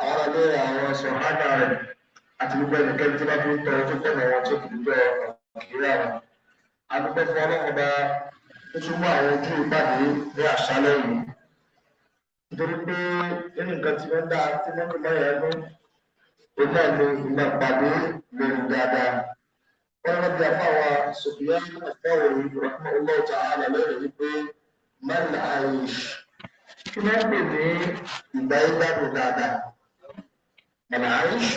àwọn abẹ́rẹ́ àwọn sọ̀hádà rẹ̀ àti gbogbo ẹnikẹ́ni tó bá tó ń tọ́ tó tẹ̀lé wọn tó kìí bẹ́ẹ̀ nàìjíríà wọn. adúgbò fún ọlọ́run bá ó tún mú àwọn ojú ìpàdé ní àṣálẹ́ yìí. nítorí pé nínú nǹkan tí wọ́n dá tí wọ́n fi lọ́yà ẹnu ìgbà ìlú ìgbà ìpàdé lórí dáadáa. wọ́n lọ bí afọ àwọn sòfìyà àfọwọ́ ìrọ̀kùn ọlọ́ọ̀ta àlàlẹ́ rẹ̀ wípé mẹ́rin àìsí kí ló ń pè ní kini ìgbàdùn dáadáa ọ̀nà àìsí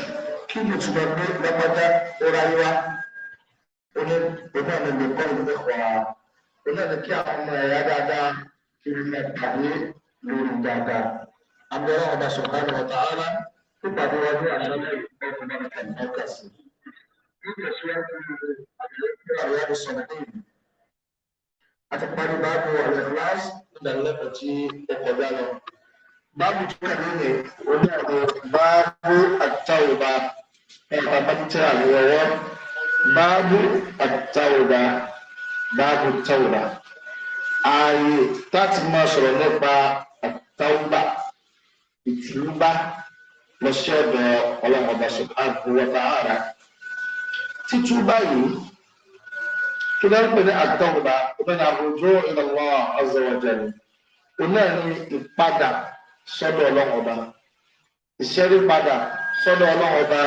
kí ló ti lọ gbé lọ́mọdé ọ̀rá yíwá oní onáàni lè kọ́ ìlú ẹ̀kọ́ onáàni kí àwọn ọmọ ẹ̀yà dáadáa kí wọ́n máa tàbí lórí dáadáa abẹ́rẹ́ ọ̀dà àti parí báàbù al-Ikhlas ìdánilẹ́kọ̀ọ́ tí ó kọjá lọ. Báàbù tó kà lónìí, ó ní àwọn báàbù àtàwùbá ẹ̀ka pátítẹ́ àlùwọ̀wọ́. Báàbù àtàwùbá báàbù tàwùbá. Ààyè táti máa sọ̀rọ̀ nípa àtàwùbá ìtìlúbá lọ sí ọ̀dọ̀ Ọlọ́run Ọba Subhanahu wa Títú báyìí kí ló ń pè ní àtọ́gbà ìpinnu àrùjọ ìrànlọ́ azọwọ́jẹ̀rẹ̀ òun náà ní ìpadà sọ́dọ̀ ọlọ́run ọba ìṣẹ́rí padà sọ́dọ̀ ọlọ́run ọba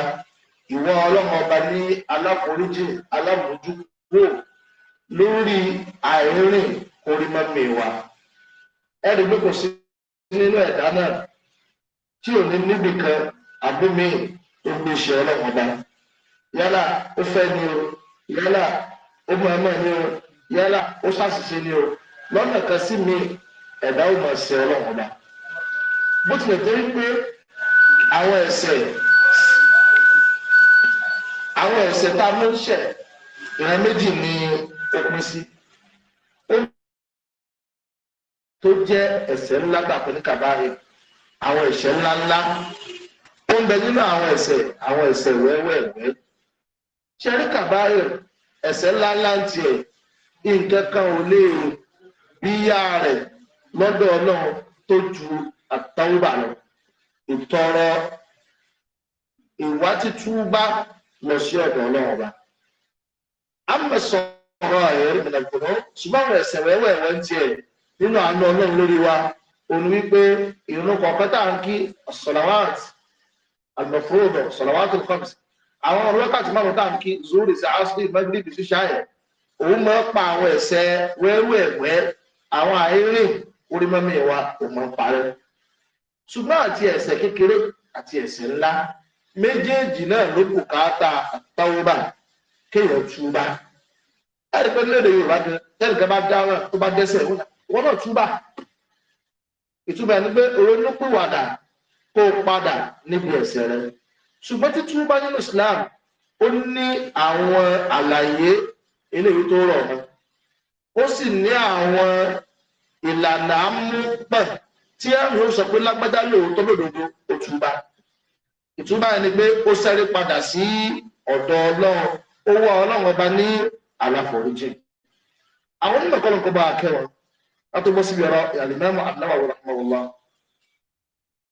ìwọ ọlọ́run ọba ní aláforíjì alámójúkúrò lórí àìrìn orímọ́mẹ́wà ẹ̀rí pé kò sí nínú ẹ̀dá náà tí ò ní níbi kan àbúmi tó gbé ṣe ọlọ́run ọba yálà ó fẹ́ ó mọ ni o yálà ó ṣàṣìṣe ni o lọ́nà kan sí mi ẹ̀dá ò mọ̀ ṣe ọlọ́run ọba bó tilẹ̀ jẹ́ pé àwọn ẹ̀ṣẹ̀ àwọn ẹ̀ṣẹ̀ tá a mú ṣẹ̀ ìran méjì ni ó pín sí tó jẹ́ ẹ̀ṣẹ̀ ńlá gbàgbọ́ ní kàbáyé àwọn ẹ̀ṣẹ̀ ńlá ńlá ó ń bẹ nínú àwọn ẹ̀ṣẹ̀ àwọn ẹ̀ṣẹ̀ wẹ́wẹ́wẹ́ ṣẹ́rí kàbáyé ẹ̀ṣẹ̀ ńláńlá ń tiẹ̀ nǹkan kan ò lè bíyà rẹ̀ lọ́dọ̀ ọlọ́run tó ju àtàwùbà lọ ìtọrọ ìwà títúbà lọ sí ọ̀dọ̀ ọlọ́run ọba. a mọ̀ sọ̀rọ̀ ẹ̀rí ìdàgbọ̀nà ṣùgbọ́n àwọn ń tiẹ̀ nínú àánú ọlọ́run lórí wa òun wípé ìrún kọ̀ọ̀kan ń kí sọ̀làwàt àgbàfúròdọ̀ sọ̀làwàt al àwọn ọ̀rọ̀ wákàtí márùn táǹkì zoro sí ashley magreth sí ṣáyẹ òun máa pa àwọn ẹ̀ṣẹ̀ wẹ́rú ẹ̀wẹ́ àwọn àìrè orí mọ́mí ìwà òun máa parẹ́ ṣùgbọ́n àti ẹ̀ṣẹ̀ kékeré àti ẹ̀ṣẹ̀ ńlá méjèèjì náà ló kù káàtà àtàwọ́bà kéèyàn túbà ẹ̀rí pé nílẹ̀ yorùbá gan tẹ́nìkan bá dá tó bá dẹ́ṣẹ̀ wọn náà túbà ìtúbà ẹni pé òun ló pè wàdà kó padà níbi ẹ̀ṣẹ̀ rẹ̀ ṣùgbọ́n títú bá nínú Islam ó ní àwọn àlàyé eléyìí tó rọ̀ wọn ó sì ní àwọn ìlànà amúpẹ̀ tí ẹ̀rù sọ pé lágbájá lóòótọ́ lòdòdó òtúbá ìtúbá ẹni pé ó sẹ́rí padà sí ọ̀dọ̀ Ọlọ́run ó wá Ọlọ́run ọba ní àlàforíjì àwọn onímọ̀ kọ́ ló bá a kẹwọn látó bọ́ síbi ọ̀rọ̀ ìyàlẹ́mọ̀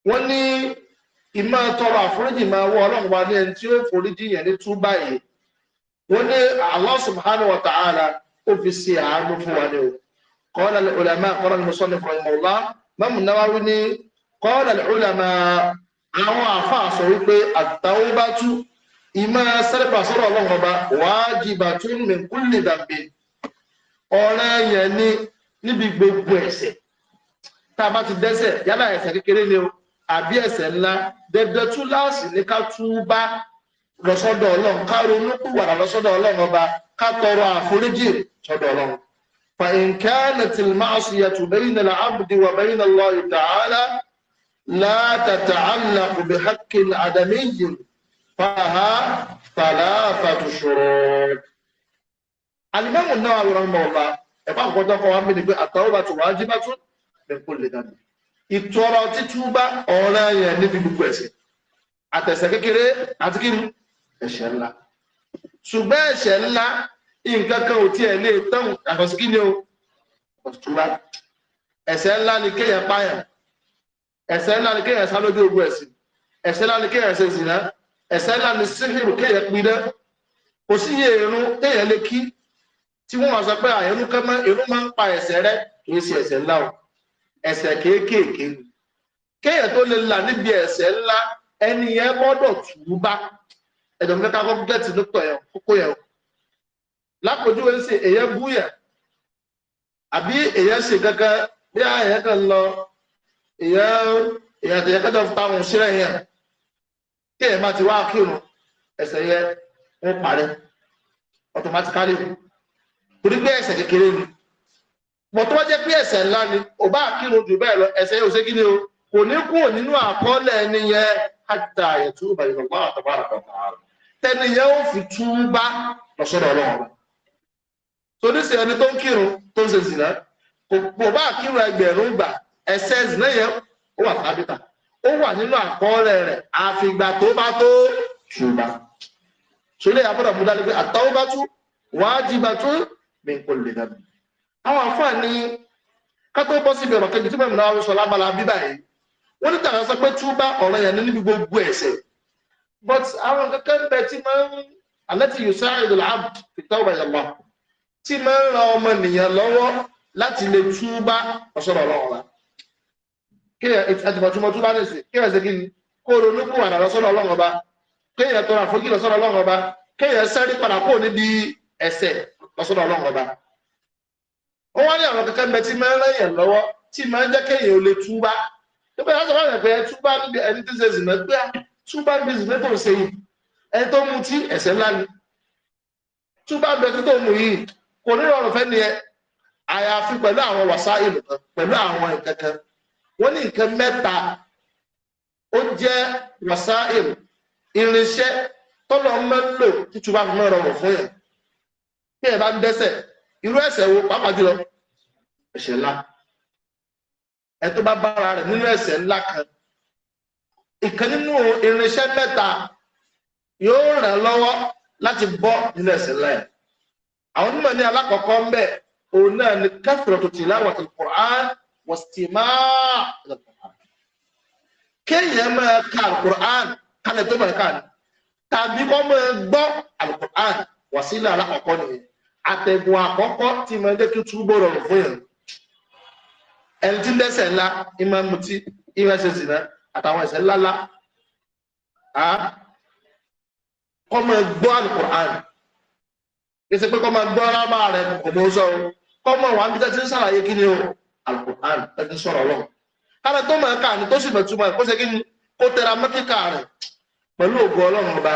wọ́n ní ìmọ̀ tọrọ àforíjì máa wọ ọlọ́run wa ní ẹni tí ó foríjì yẹn ní tú báyìí wọ́n ní Allah subhanahu wa ta'ala ó fi ṣe àánú fún wa ní o qala al-ulama qala al-musannif rahimahullah Imam Nawawi ní qala al-ulama àwọn àfáà sọ wípé at-tawbatu ìmọ̀ sẹ́rẹ̀pà sọ́rọ̀ ọlọ́run ọba wajibatun àbí ẹ̀ṣẹ̀ ńlá dẹ̀dẹ̀ tú láàsì ní ká tú bá lọ́sọ́dọ̀ ọlọ́run ká ronú pìwàrà lọ́sọ́dọ̀ ọlọ́run ọba ká tọrọ àforíjì sọ́dọ̀ ọlọ́run فإن كانت المعصية بين العبد وبين الله تعالى لا تتعلق بحق عدمي فها ثلاثة شروط الإمام النووي رحمه الله ẹ̀fọ́ àkọ́jọ́ kan wá ń bí ni pé àtàwọn bá ti wájú bá tún lè kó lè dàbí ìtọrọ títúbá ọ̀rẹ́ yẹn níbi gbogbo ẹ̀ṣẹ̀ àtẹ̀ṣẹ̀ kékeré àti kí ni ẹ̀ṣẹ̀ ńlá ṣùgbọ́n ẹ̀ṣẹ̀ ńlá nǹkan kan ò tiẹ̀ lè tán àkọsí kí ni o ọ̀túnbá ẹ̀ṣẹ̀ ńlá ni kéèyàn pààyàn ẹ̀ṣẹ̀ ńlá ni kéèyàn sá lójú ogun ẹ̀sìn ẹ̀ṣẹ̀ ńlá ni kéèyàn ṣe ìsìnà ẹ̀ṣẹ̀ ńlá ni síhìrù kéèyàn pidẹ kò sí iye kéèyàn lè kí tí wọ́n máa sọ pé àyẹnú kẹmọ irun máa ń pa ẹ̀ṣẹ̀ rẹ kì í ṣe ẹ̀ṣẹ̀ ńlá o ẹ̀ṣẹ̀ kéékèèké ni kéèyàn tó lè là níbi ẹ̀ṣẹ̀ ńlá ẹni yẹn gbọ́dọ̀ tù ú bá ẹ̀dọ̀ mẹ́ta kọ́ gẹ́ẹ̀tì lóko yẹn kókó yẹn o lápòjúwe ń sè èyàn bú yẹn àbí èyàn ṣe kankan bí èyàn kan lọ èyàn èyàn tẹ̀yẹ kẹ́tọ̀ fún táwọn òṣèré yẹn kéèyàn má ti wá kírun ẹ̀ṣẹ̀ yẹn ń parẹ́ automatically torí pé ẹ̀ṣẹ̀ kékeré ni bọ̀ tó bá jẹ́ pé ẹ̀ṣẹ̀ ńlá ni ò bá kírun jù bẹ́ẹ̀ lọ ẹ̀ṣẹ̀ yóò ṣe kí ni o kò ní kúrò nínú àkọọ́lẹ̀ ẹni yẹn àtà ẹ̀tú ìbàdàn àtàwọn àtàwọn àrùn tẹni yẹn ó fi túbá lọ́sọ̀dọ̀ ọlọ́run tó ní sí ẹni tó ń kírun tó ń ṣe zìnà kò bá kírun ẹgbẹ̀rún ìgbà ẹ̀ṣẹ̀ zìnà yẹn ó wà tábìtà ó wà nínú àkọọ́lẹ̀ rẹ̀ àfìgbà tó bá tó ṣùgbà ṣọlẹ̀ ni pé àtàwọn bá tún wàá jìbà tún mí kò lè àwọn àfáà ní kátó bọ́ síbi ọ̀nà kejì tí bẹ́ẹ̀ náà sọ lábala bíbá yìí wọ́n ní tàbí sọ pé túbá ọ̀rọ̀ yẹn níbi gbogbo ẹ̀ṣẹ̀ but àwọn kankan bẹ tí máa ń alẹ́tì yusa idul abd fitawba yàgbà tí máa ń ran ọmọ nìyẹn lọ́wọ́ láti lè túbá ọ̀ṣọ́rọ̀ ọlọ́run wa kéèyàn àtìmọ̀túmọ̀ túbá nìsí kéèyàn ṣe kí ni kó o ronú kó àdàlọ́ sọ́dọ̀ ọlọ́run ọba kéèyàn tọrọ àforíjì lọ́sọ́dọ̀ ọlọ́run ọba kéèyàn sẹ́rí padà kó o níbi ẹ̀ṣẹ̀ lọ́sọ́dọ̀ ọlọ́run ọba ó wá ní àwọn kankan bẹ tí máa ń rẹ̀yàn lọ́wọ́ tí máa ń jẹ́ kéèyàn ò lè túbá nígbà tó wà ní pé túbá níbi ẹni tó ṣe zìnà pé túbá níbi zìnà tó ń ṣe yìí ẹni tó mu tí ẹ̀ṣẹ̀ ńlá ni túbá bẹ tó tó mu yìí kò ní rọrùn fẹ́ ni ẹ àyàfi pẹ̀lú àwọn wàsá ìlú kan pẹ̀lú àwọn ìkankan wọ́n ní nǹkan mẹ́ta ó jẹ́ wàsá ìlú irinṣẹ́ tọ́lọ́ mẹ́lò tútù bá fi mọ́ rọrùn fún yẹn bí ẹ bá ń dẹ́ṣẹ̀ irú ẹ̀ṣẹ̀ wo pàápàá jùlọ ẹ̀ṣẹ̀ ńlá ẹ tó bá bára rẹ̀ nínú ẹ̀ṣẹ̀ ńlá kan ìkan nínú irinṣẹ́ mẹ́ta yóò ràn lọ́wọ́ láti bọ́ nínú ẹ̀ṣẹ̀ ńlá yẹn àwọn onímọ̀ ní alákọ̀ọ́kọ́ ń bẹ̀ òun náà ni kẹfìrọ̀ tó ti láwọn ti Qur'an wọ́n ti máa kéèyàn máa ka alukur'an kálẹ̀ tó máa kà ní tàbí kọ́ máa gbọ́ alukur'an wàsílẹ̀ alákọ̀ọ́kọ́ nìyẹn àtẹ̀gùn àkọ́kọ́ tí mo jẹ́ kí túbọ̀ rọrùn fún yẹn ẹni tí lẹ́sẹ̀ ńlá ìmọ̀ mutí ìmọ̀ ṣe sìnà àtàwọn ẹ̀ṣẹ̀ ńláńlá kọ́mọ gbọ́ alukur'an kìsì pé kọ́mọ gbọ́ rábà rẹ̀ kò mú sọ kọ́mọ wà níbi tẹ́tí ń sàlàyé kí ni o alukur'an tẹ́tí sọ̀rọ̀ lọ kára tó mọ̀ ká ni tó sì mọ̀ túmọ̀ kó ṣe kí ni kó tẹra mọ́kíkà rẹ̀ pẹ̀lú ògùn ọlọ́run ọba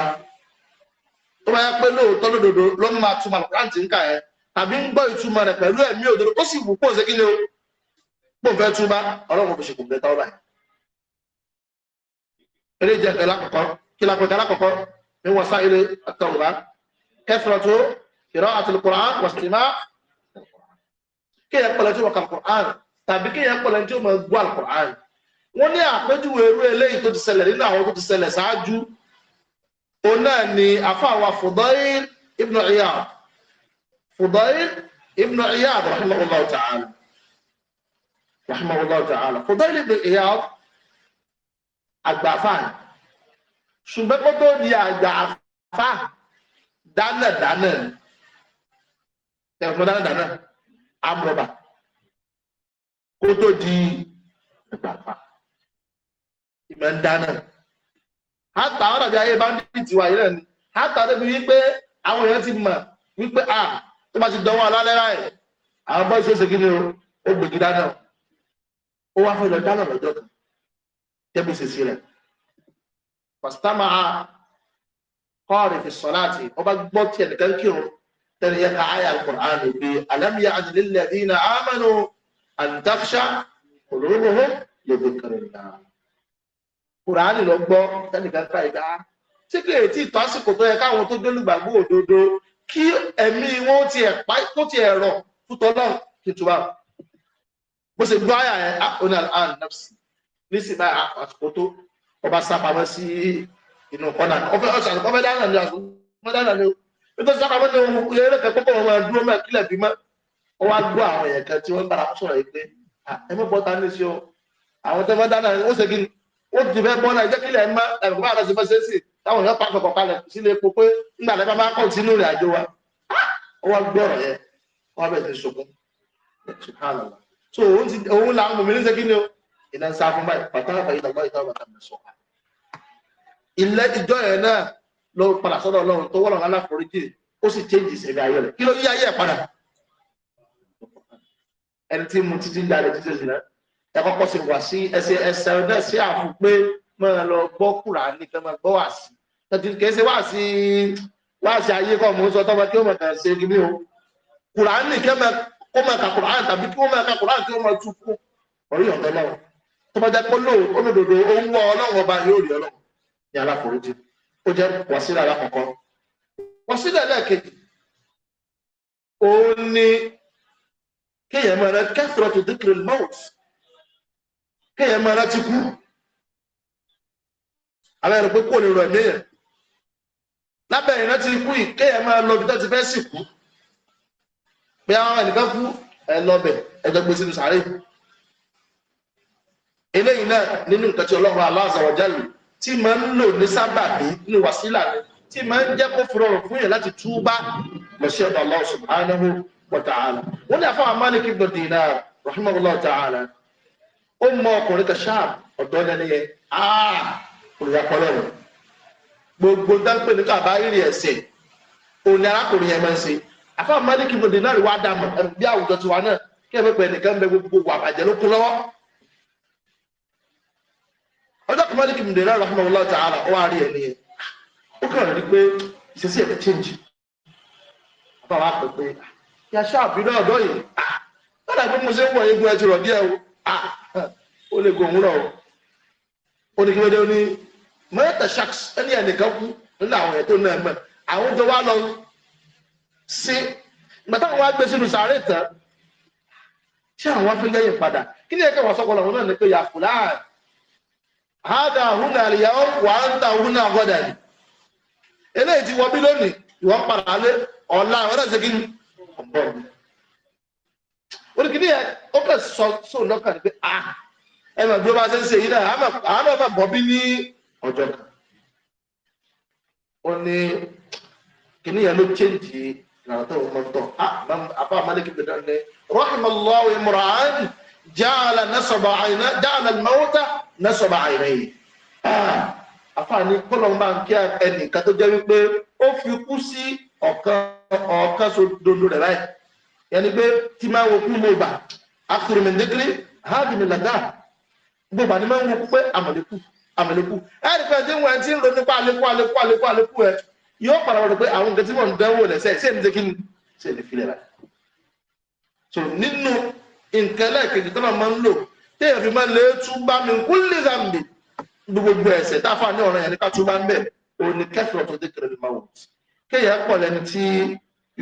tó bá yẹ pé lóòótọ́ lódodo ló ń máa túmọ̀ láǹtì ń kà ẹ́ tàbí ń gbọ́ ìtumọ̀ rẹ̀ pẹ̀lú ẹ̀mí òdodo ó sì wù pọ̀ ṣe kí ni o pọ̀ fẹ́ túbá ọlọ́run kò ṣe kò gbẹ̀tọ́ ọ̀bà yìí. eré jẹ́ ẹ̀kẹ́ lákọ̀ọ́kọ́ kí lákọ̀ọ́kọ́ lákọ̀ọ́kọ́ ní wọ́n sá eré kẹfìrọ̀ tó ìrọ̀ àti Al-Qur'an wàsítímà kí ẹ̀ pẹ̀lẹ́ tí wọ́n kà Al-Qur'an tàbí kí ẹ̀ pẹ̀lẹ́ tí wọ́n gbọ́ Al-Qur'an wọ́n ní àpéjúwe irú eléyìí tó ti ṣẹlẹ̀ nínú àwọn tó ti ṣẹlẹ̀ ṣáájú òun náà ni àfáàwà Fudail ibn Iyad Fudail ibn Iyad rahimahullah ta'ala rahimahullah ta'ala Fudail ibn Iyad àgbàfà ṣùgbọ́n kó tó di àgbàfà dánàdánà ẹ̀fọn dánàdánà amúrọ̀bà kó tó di àgbàfà ìmọ̀ ń dánà àtà wọn dàbí ayé bandit wa yìí náà ni àtà débi wípé àwọn èèyàn ti mọ̀ wípé à tó bá ti dánwó alálẹ́ ráì àwọn bọ́ ìṣe òṣèkí ni o ó gbèjì dáná ó wá fẹ́ lọ dáná lọ́jọ́ kan tẹ́bù sèṣì rẹ̀ pàṣítámà kọ́ọ̀rì fi sọ́láàtì ọba gbọ́ tiẹ̀ nìkan kírun tẹ́lẹ̀ yẹ ká àyà Kùránì pé àlámìyà àdìlélẹ̀ dínà àmánù àǹtàkṣà olóògùn kùránì lọ gbọ́ tẹ́nìkan ká ìdá tí kì í tí ìtọ́sìkò tó yẹ káwọn tó gbólùgbàgbọ́ òdodo kí ẹ̀mí wọn ti ẹ̀pá tó ti ẹ̀rọ fútọ́ náà kí tuba bó ṣe gbọ́ àyà ẹ̀ ọ̀nà àrùn nafsi nísì bá àsìkò tó ọba sápamọ́ sí inú kọ́nà ọfẹ́ ọ̀sán ọfẹ́ dáná ni àsìkò ọfẹ́ dáná ni nítorí sápamọ́ ní ohun eré kẹ́kọ́ pọ̀ wọn dúró mẹ́ kílẹ̀ bí mọ́ ọwọ́ agbó àwọn èèyàn kan tí wọ́n bára sọ̀rọ̀ yìí pé ó ti fẹ́ bọ́lá ìjẹ́ kílẹ̀ mọ́ ẹ̀rùn bá àtàṣe fẹ́ sí táwọn èèyàn pàṣẹ kọ̀ọ̀kalẹ̀ sílé epo pé nígbà tí a bá kọ̀ sínú ìrìn àjò wa wọ́n gbọ́rọ̀ yẹn wọ́n bẹ̀ ti sunkún so òun là ń mú mi ní sẹ́kí ni o ìlà ń sá fún báyìí pàtàkì àfẹ́ ìdàgbà ìta ọ̀bàtà mi sọ ilẹ̀ ìjọ yẹn náà ló padà sọ́dọ̀ ọlọ́run tó wọ́n lọ́run aláforíjì ó sì chéjì ìṣẹ̀lẹ̀ ayọ̀ rẹ̀ kí ló yí ayé ẹ̀ padà ẹni tí mo títí ń dalẹ̀ títí ìṣẹ̀lẹ̀ ẹ kọ́kọ́ sì wà sí ẹsẹ̀ ẹsẹ̀ náà sí àfún pé máa lọ gbọ́ kùrà ní kí wọ́n gbọ́ wà sí kìí ṣe wà sí wà sí ayé kọ́ mò ń sọ tọ́mọ kí ó mọ̀ kàn ṣe kí ni o kùrà ní kí ó mọ̀ kà kùrà tàbí kí ó mọ̀ kà kùrà kí ó mọ̀ tún kú ọ̀rí ọ̀dọ́ náà tó bá jẹ́ pé olódodo ó ń wọ ọlọ́run ọba yóò rí ọlọ́run ní aláforíjì ó jẹ́ wàsílà alákọ̀ọ́kọ́ wàsílà lẹ́ẹ̀kejì òun ni kéèyàn mọ̀ rẹ kẹ́sìrọ̀tù dìkìrì mọ́ọ̀tì kéèyàn máa rántí kú àwọn pé kò lè rọ̀ ẹ̀mí yẹn lábẹ́ yìí kéèyàn máa lọ tó ti fẹ́ sì kú pé àwọn ẹnìkan kú ẹ lọbẹ ẹjọ gbèsè ní sàárè eléyìí náà nínú nǹkan tí ọlọ́run aláàzàwọ̀jálù tí máa ń lò ní wàsílà tí máa ń jẹ́ kó fi rọrùn fún yẹn láti lọ sí ọ̀dọ̀ wọ́n ní àfọwọ́ ó mọ ọkùnrin kan ṣáàbù ọ̀dọ́ lẹ́nu yẹn ah! olùyàpọ̀lọ́ rẹ̀ gbogbo dáńpé ní káàbá ìrì ẹ̀sìn òní arákùnrin yẹn máa ń ṣe àfa malik ibùdó náà rí wá dàmọ̀ bí àwùjọ tiwa náà kí ẹ pẹ́pẹ́ nìkan gbogbo ụwa bàjẹ́ ló ó wá rí ẹ̀ ó kàn rí change wa pé náà ọ̀dọ́ yìí ah! mo ṣe ń wọ̀ ti rọ̀ ó lè gbòòrùn lọ ó ní kí lóde ó ní mẹ́ta sharks ẹni ẹnìkan kú nínú àwọn ètò náà mọ̀ àwọn jọ wá lọ sí ìgbà táwọn wá gbé sínú sàárè tán ṣé àwọn fi lẹ́yìn padà kí ni ẹ̀kẹ́ wọ́n sọ́kọ́ lọ́wọ́ náà ní pé yà fúláàdì hada huna àlìyàwó wà ń ta huna àgọ́dà yìí eléyìí ti wọ bí lónìí ìwọ́n padà lé ọ̀la ọ̀rẹ́ ṣe kí ni ọ̀bọ̀n oníkìní yẹn ó kẹ́ sọ sọ lọ́kàn pé a ah, ẹ mọ̀ bí ó bá ṣe ń ṣe yìí náà àá náà bọ̀ bí ní ọjọ́ kan ó ní kìní yẹn ló chéǹjì ìlànà tó ń tọ́ ah, àbá amálékì bẹ̀rẹ̀ ní rahimallahu imra'an jaala nasaba àyìnà jaala mawuta nasaba àyìnà yìí ah, àfààní kọlọmbà kí ẹnìkan tó jẹ́ wípé ó fi kú sí ọ̀kan ọ̀kan sódodo rẹ̀ báyìí yẹni pé tí máa wo kú mo gbà akérèmẹ̀ndékéré hábìmí làdá gbogbo àti máa ń wo pé àmọ̀lẹ́kù àmọ̀lẹ́kù ẹ̀rí pé ẹ̀dínwó ẹ̀ ti ń ronú pa àlékù àlékù àlékù àlékù ẹ̀ yóò padà wọlé pé àwọn nǹkan tí wọ́n ń dánwò lẹ́sẹ̀ ṣé ní kí ni ṣe lè filẹ̀ rà so nínú nǹkan lẹ́ẹ̀kejì tó náà máa ń lò téèyàn fi máa ń lè túbá mi kú lè zàmbì gbogbo ẹ̀ṣẹ̀ tá ní ọ̀ràn yẹn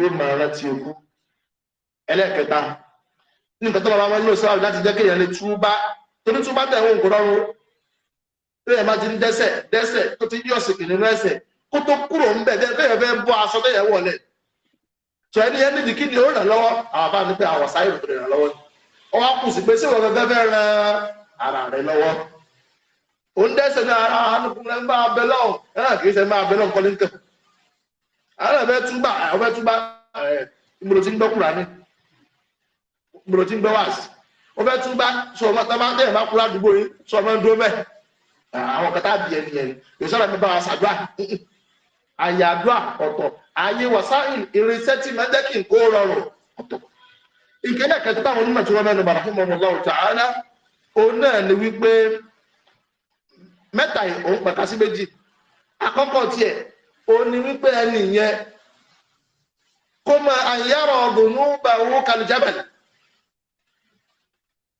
ní ká ẹlẹ́ẹ̀kẹta nǹkan tó bá wọn lò sáà láti jẹ́ kéèyàn lè túbá torí túbá tẹ̀wọ̀n nǹkan rọrùn lẹ́yìn bá ti ń dẹ́sẹ̀ dẹ́sẹ̀ tó ti yọ̀ sí kìnìún ẹsẹ̀ kó tó kúrò ń bẹ̀ tẹ́yẹ̀ fẹ́ bọ́ aṣọ tẹ́yẹ̀ wọlé tó ẹni ẹni dì kí ni ó ràn lọ́wọ́ àwọn bá ní pé àwọn sáyẹ̀ tó ràn lọ́wọ́ ọ wá kù sí pé sí ìwọ̀n fẹ́ fẹ́ ran ara rẹ lọ́wọ́ ó ń dẹ́sẹ̀ ní ara ah, anukùnrin ah, bá abẹ lọ́wọ́ ẹ̀rọ kì í ṣe máa abẹ lọ́wọ́ kọ́lé ń tẹ̀ àwọn ẹ̀fẹ́ túbà àwọn ẹ̀fẹ́ túbà ìmúlò tí ń gbọ́kùnrin gbòòrò tí ń gbọ́ wá sí o fẹ́ tún bá sọ ọmọ tá máa ń tẹ̀yìn máa kúrò àdúgbò yìí sọ ọmọ ń dúró mẹ́ àwọn kẹta bí ẹni ẹni èso ọ̀rọ̀ mi bá wa ṣàdúrà àyè àdúrà ọ̀tọ̀ àyè wàsáìn irinṣẹ́ tí máa jẹ́ kí n kó rọrùn ọ̀tọ̀ ìkẹ́lẹ̀ kẹta táwọn onímọ̀ tí wọ́n mẹ́nu bàrà fún ọmọ ọlọ́run tààlà òun náà ni wípé mẹ́ta òun pàkà sí méjì àkọ́kọ́ tiẹ̀ òun ni wípé ẹni yẹn kó máa àyàrọ̀ ọ̀gùn ní ó bá owó kalẹ̀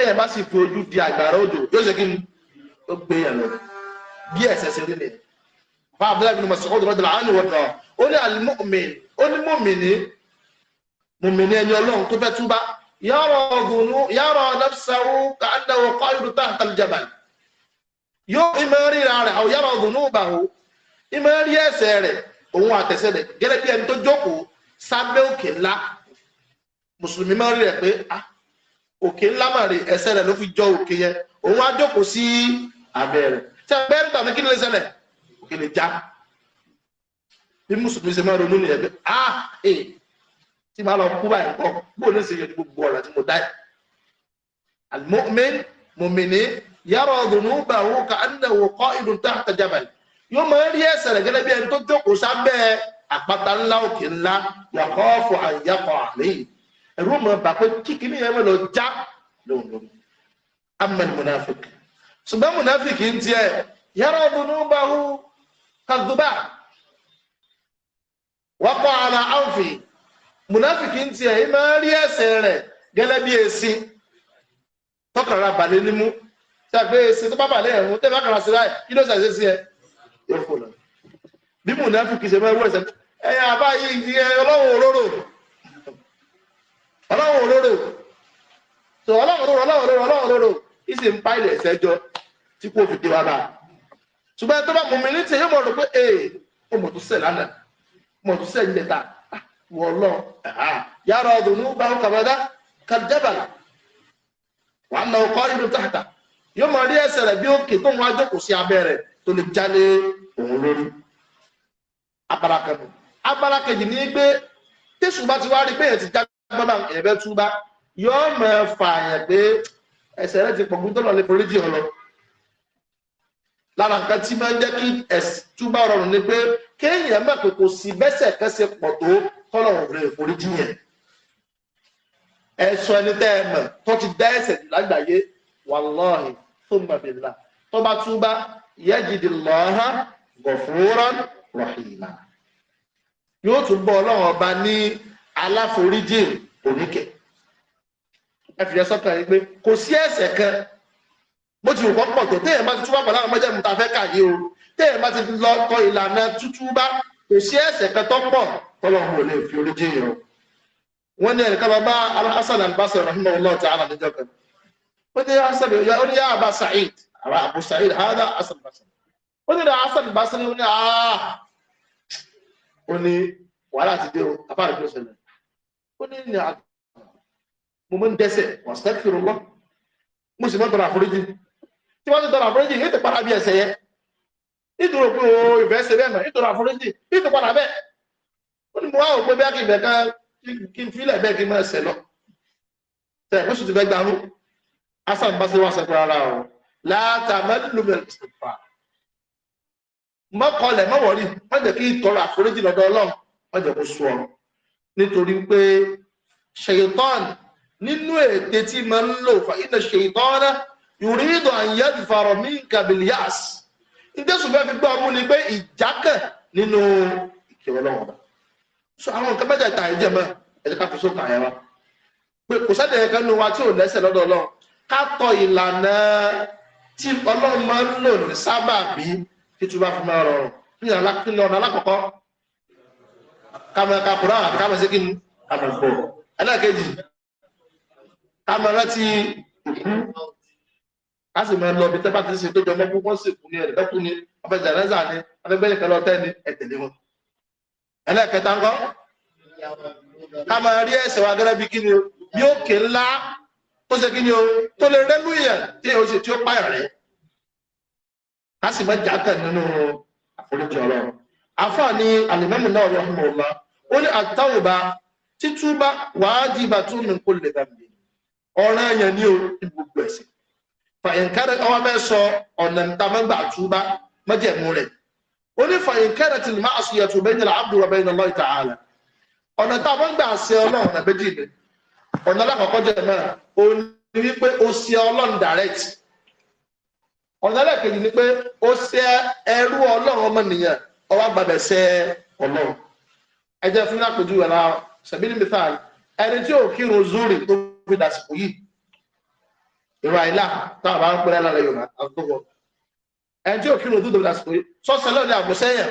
tẹ́yìn bá sì fi ojú di àgbàrá òjò yóò ṣe kí ni ó gbé yàn lọ bí ẹ̀sẹ̀ ṣe rí ni fa abdullahi bin Mas'ud radiyallahu anhu wọ̀dọ̀ ó ní al-mu'min ó ní mu'mini mu'mini ẹni ọlọ́run tó fẹ́ túbá yàrá ọ̀gùnú yàrá nafsahu ka'annahu qa'idun tahta al-jabal yóò ìmọ̀ ríra rẹ̀ àwọn yàrá ọ̀gùnú bàwò ìmọ̀ rí ẹ̀sẹ̀ rẹ̀ òun àtẹ̀sẹ̀ rẹ̀ gẹ́gẹ́ bí ẹni tó jókòó rẹ̀ pé ah òkè ńlá màrè ẹsẹ̀ rẹ̀ ló fi jọ òkè yẹn òun á jókòó sí abẹ́ rẹ̀ tí abẹ́ ń tàbí kí ni lè ṣẹlẹ̀ òkè lè já bí mùsùlùmí ṣe máa ronú nìyẹn bí a ẹ tí màá lọ kú báyìí kọ bóun ní sèyí gbogbo ọ̀rọ̀ àti mo dá yìí almu'min mu'mini yàrá ọ̀dùnú bá wọn kà á nà wọ kọ́ ìdùn tá àtàjàbà yóò máa rí ẹsẹ̀ rẹ̀ gẹ́gẹ́ bí ẹni tó jókòó sábẹ́ àpáta ńlá òkè ńlá yàkọ́ fún àyàkọ́ àlẹ́yìn ẹ̀rú mọ̀ bà pé kíkiri yẹn mọ̀ lọ já lóhùn lóhùn amẹ́ni munafik ṣùgbọ́n munafik ń tiẹ̀ yàrá ọdún bá hu kàdúbà wọ́pọ̀ àlà áǹfì munafik ń tiẹ̀ ẹ máa rí ẹsẹ̀ rẹ̀ gẹ́lẹ́ bí èsì tọkànlá balẹ̀ nímú tàbí èsì tó bá balẹ̀ ẹ̀hún tẹ́lẹ̀ bá kàrà sí láì kí ló ṣàṣe sí ẹ yóò fò lọ bí munafik ṣe máa wọ ẹsẹ̀ ẹ̀yà àbáyé ọlọ́run òróró ọlọ́run òróró so ọlọ́run òróró ọlọ́run òróró ọlọ́run òróró ìsì ń pa ilẹ̀ ìṣẹ́jọ́ tí kò fi dé wa bá ṣùgbọ́n tó bá mú mi ní tiẹ̀ yóò mọ̀ rò pé ee ó mọ̀ tó sẹ̀ lánàá mọ̀ tó sẹ̀ níta ah, wọ̀ lọ yàrá ọdún ní bá kàmẹ́dá kàdébàlà wàá nà ọkọ ìlú tààtà yóò mọ̀ rí ẹsẹ̀ rẹ̀ bí òkè tó ń wá jókòó sí abẹ́ tó lè jálé òun lórí abala kan abala kejì ní gbé tẹsùn bá ti wá rí pé ẹ ti já gbọ́dọ̀ ẹ̀bẹ́ túbá yóò mọ̀ ẹ́ fààyàn pé ẹsẹ̀ rẹ ti pọ̀gbù tó lọ lè foríjì ọ̀lọ́ lára nǹkan tí máa ń jẹ́ kí túbá rọrùn ni pé kéèyàn mọ̀ pé kò sí bẹ́sẹ̀ kẹsẹ̀ pọ̀ tó tọ́lọ̀ rẹ̀ foríjì yẹn ẹ̀sùn ẹni tẹ́ ẹ mọ̀ tó ti dá ẹsẹ̀ lágbàáyé wàláhì tó mọ̀ bìlà tó bá túbá yẹ́jìdì lọ́ha gọ̀fúrán rọ̀hìnà yóò tún bọ́ ọlọ́run ọba ní aláforíjìn oníkẹ ẹ fi ẹsọkàn yìí pé kò sí ẹ̀ṣẹ̀ kan bó ti rò kọ́ pọ̀ tó téèyàn bá ti túbà pọ̀ láwọn mọ́jẹ́mu tá a fẹ́ kà yìí o téèyàn bá ti lọ tọ ìlànà tútúbà kò sí ẹ̀ṣẹ̀ kan tó pọ̀ tọ́lọ́run ò lè fi oríjìn yìí o wọ́n ní ẹ̀ka bàbá Hasan al Allah rahimahullah ta'ala níjọ́ kan wọ́n ní Hasan ó ní Aba Sa'id àbá Abu Sa'id hada Hasan al-Basri wọ́n ní Hasan al-Basri ó ní àá ah". ó ní wàhálà ti dé o àbá rẹ̀ ló ṣẹlẹ̀ ó ní ilẹ̀ àgbà mo mọ́ ń dẹ́sẹ̀ wàstẹ́kìrúnlọ́ mo sì mọ́ tọrọ àforíjì tí wọ́n ti tọrọ àforíjì yóò ti padà bí ẹsẹ̀ yẹ nítorí òpin o ìfẹ́ ṣe bẹ́ẹ̀ mọ̀ nítorí àforíjì yóò ti padà bẹ́ẹ̀ ó ní mo wá òpin bí akínbẹ̀ kan kí n filẹ̀ bẹ́ẹ̀ kí n máa ṣẹ̀ lọ tẹ̀ mo sì ti fẹ́ gbanú asan bá ṣe wá sọ pé ara o láta mẹ́lúmẹ̀lú mọ́kànlẹ̀ mọ́wọ́rì mọ́jẹ̀ nítorí pé ṣèyítọ́n nínú ète tí ma ń lò fa iná ṣèyítọ́n yùrídọ̀ àyẹ́dì fàrọ̀ mí kàbìlíàs ìdẹ́sù fẹ́ fi gbọ́ mú ni pé ìjákẹ̀ nínú ìkẹwẹ́ lọ́wọ́ bá so àwọn nǹkan mẹ́ta ìta ìjẹ́ mọ́ ẹ̀jẹ̀ ká fi sókà yẹn wá pé kò sẹ́ni ẹ̀ka kàmà kàkùrá àti kàmà sí kíni kàmà gbọ́ ẹlẹ́ẹ̀kejì kàmà rántí òkú a sì máa lọ bí tẹ́bà ti ń e ṣe tó jọ mọ́kú wọ́n sì kú ní ẹ̀rẹ̀ bẹ́kú ni ọbẹ̀ jẹ̀rẹ́zà ni abẹ́gbẹ́lẹ̀ kan lọ tẹ́ ni ẹ̀tẹ̀lé wọn. ẹlẹ́ẹ̀kẹta ńkọ́ ká máa rí ẹ̀sẹ̀ wa gẹ́gẹ́ bí kí ni bí ó ńlá tó ṣe kí ni o tó lè rẹ́lú yẹn tí o ṣe tí ó pààyàn rẹ̀ ká sì jà kàn nínú àforíjì ọlọ́run àfààní alimami náà rahimahullah ó ní àtàwùbá títúbá wajibatun min kulli dhanbi ọ̀ràn èèyàn ní gbogbo ẹ̀sìn fàyínkára ọwọ́ bẹ́ẹ̀ sọ ọ̀nà ìtàmọ́gbà túbá mọ́jẹ̀mú rẹ̀ ó ní fàyínkára tí lè máa ṣùyẹ̀ tó bẹ́yìn abdu wa bayna Allah ta'ala ọ̀nà ìtàmọ́gbà ṣe ọlọ́run ọ̀nà méjì ni ọ̀nà alákọ̀ọ́kọ́ jẹ́ mẹ́ra ó ní wípé ó ṣe ọlọ́run direct ọ̀nà ẹlẹ́kejì ni pé ó ṣe ẹrú ọlọ́run ọmọnìyàn ọwọ́ gbàgbẹ́ sẹ́ ọlọ́run ẹ jẹ́ fún àpèjú ẹ̀ náà sẹ̀bílì mìíràn ẹni tí ò kírun zúrì tó fi dàsìkò yìí ìrọ̀ àìlà táwọn bá ń pẹ́ lára rẹ̀ yorùbá àtúntò ẹni tí ò kírun tó fi dàsìkò yìí sọ́sẹ̀lẹ̀ ní àgbọ̀sẹ́yìn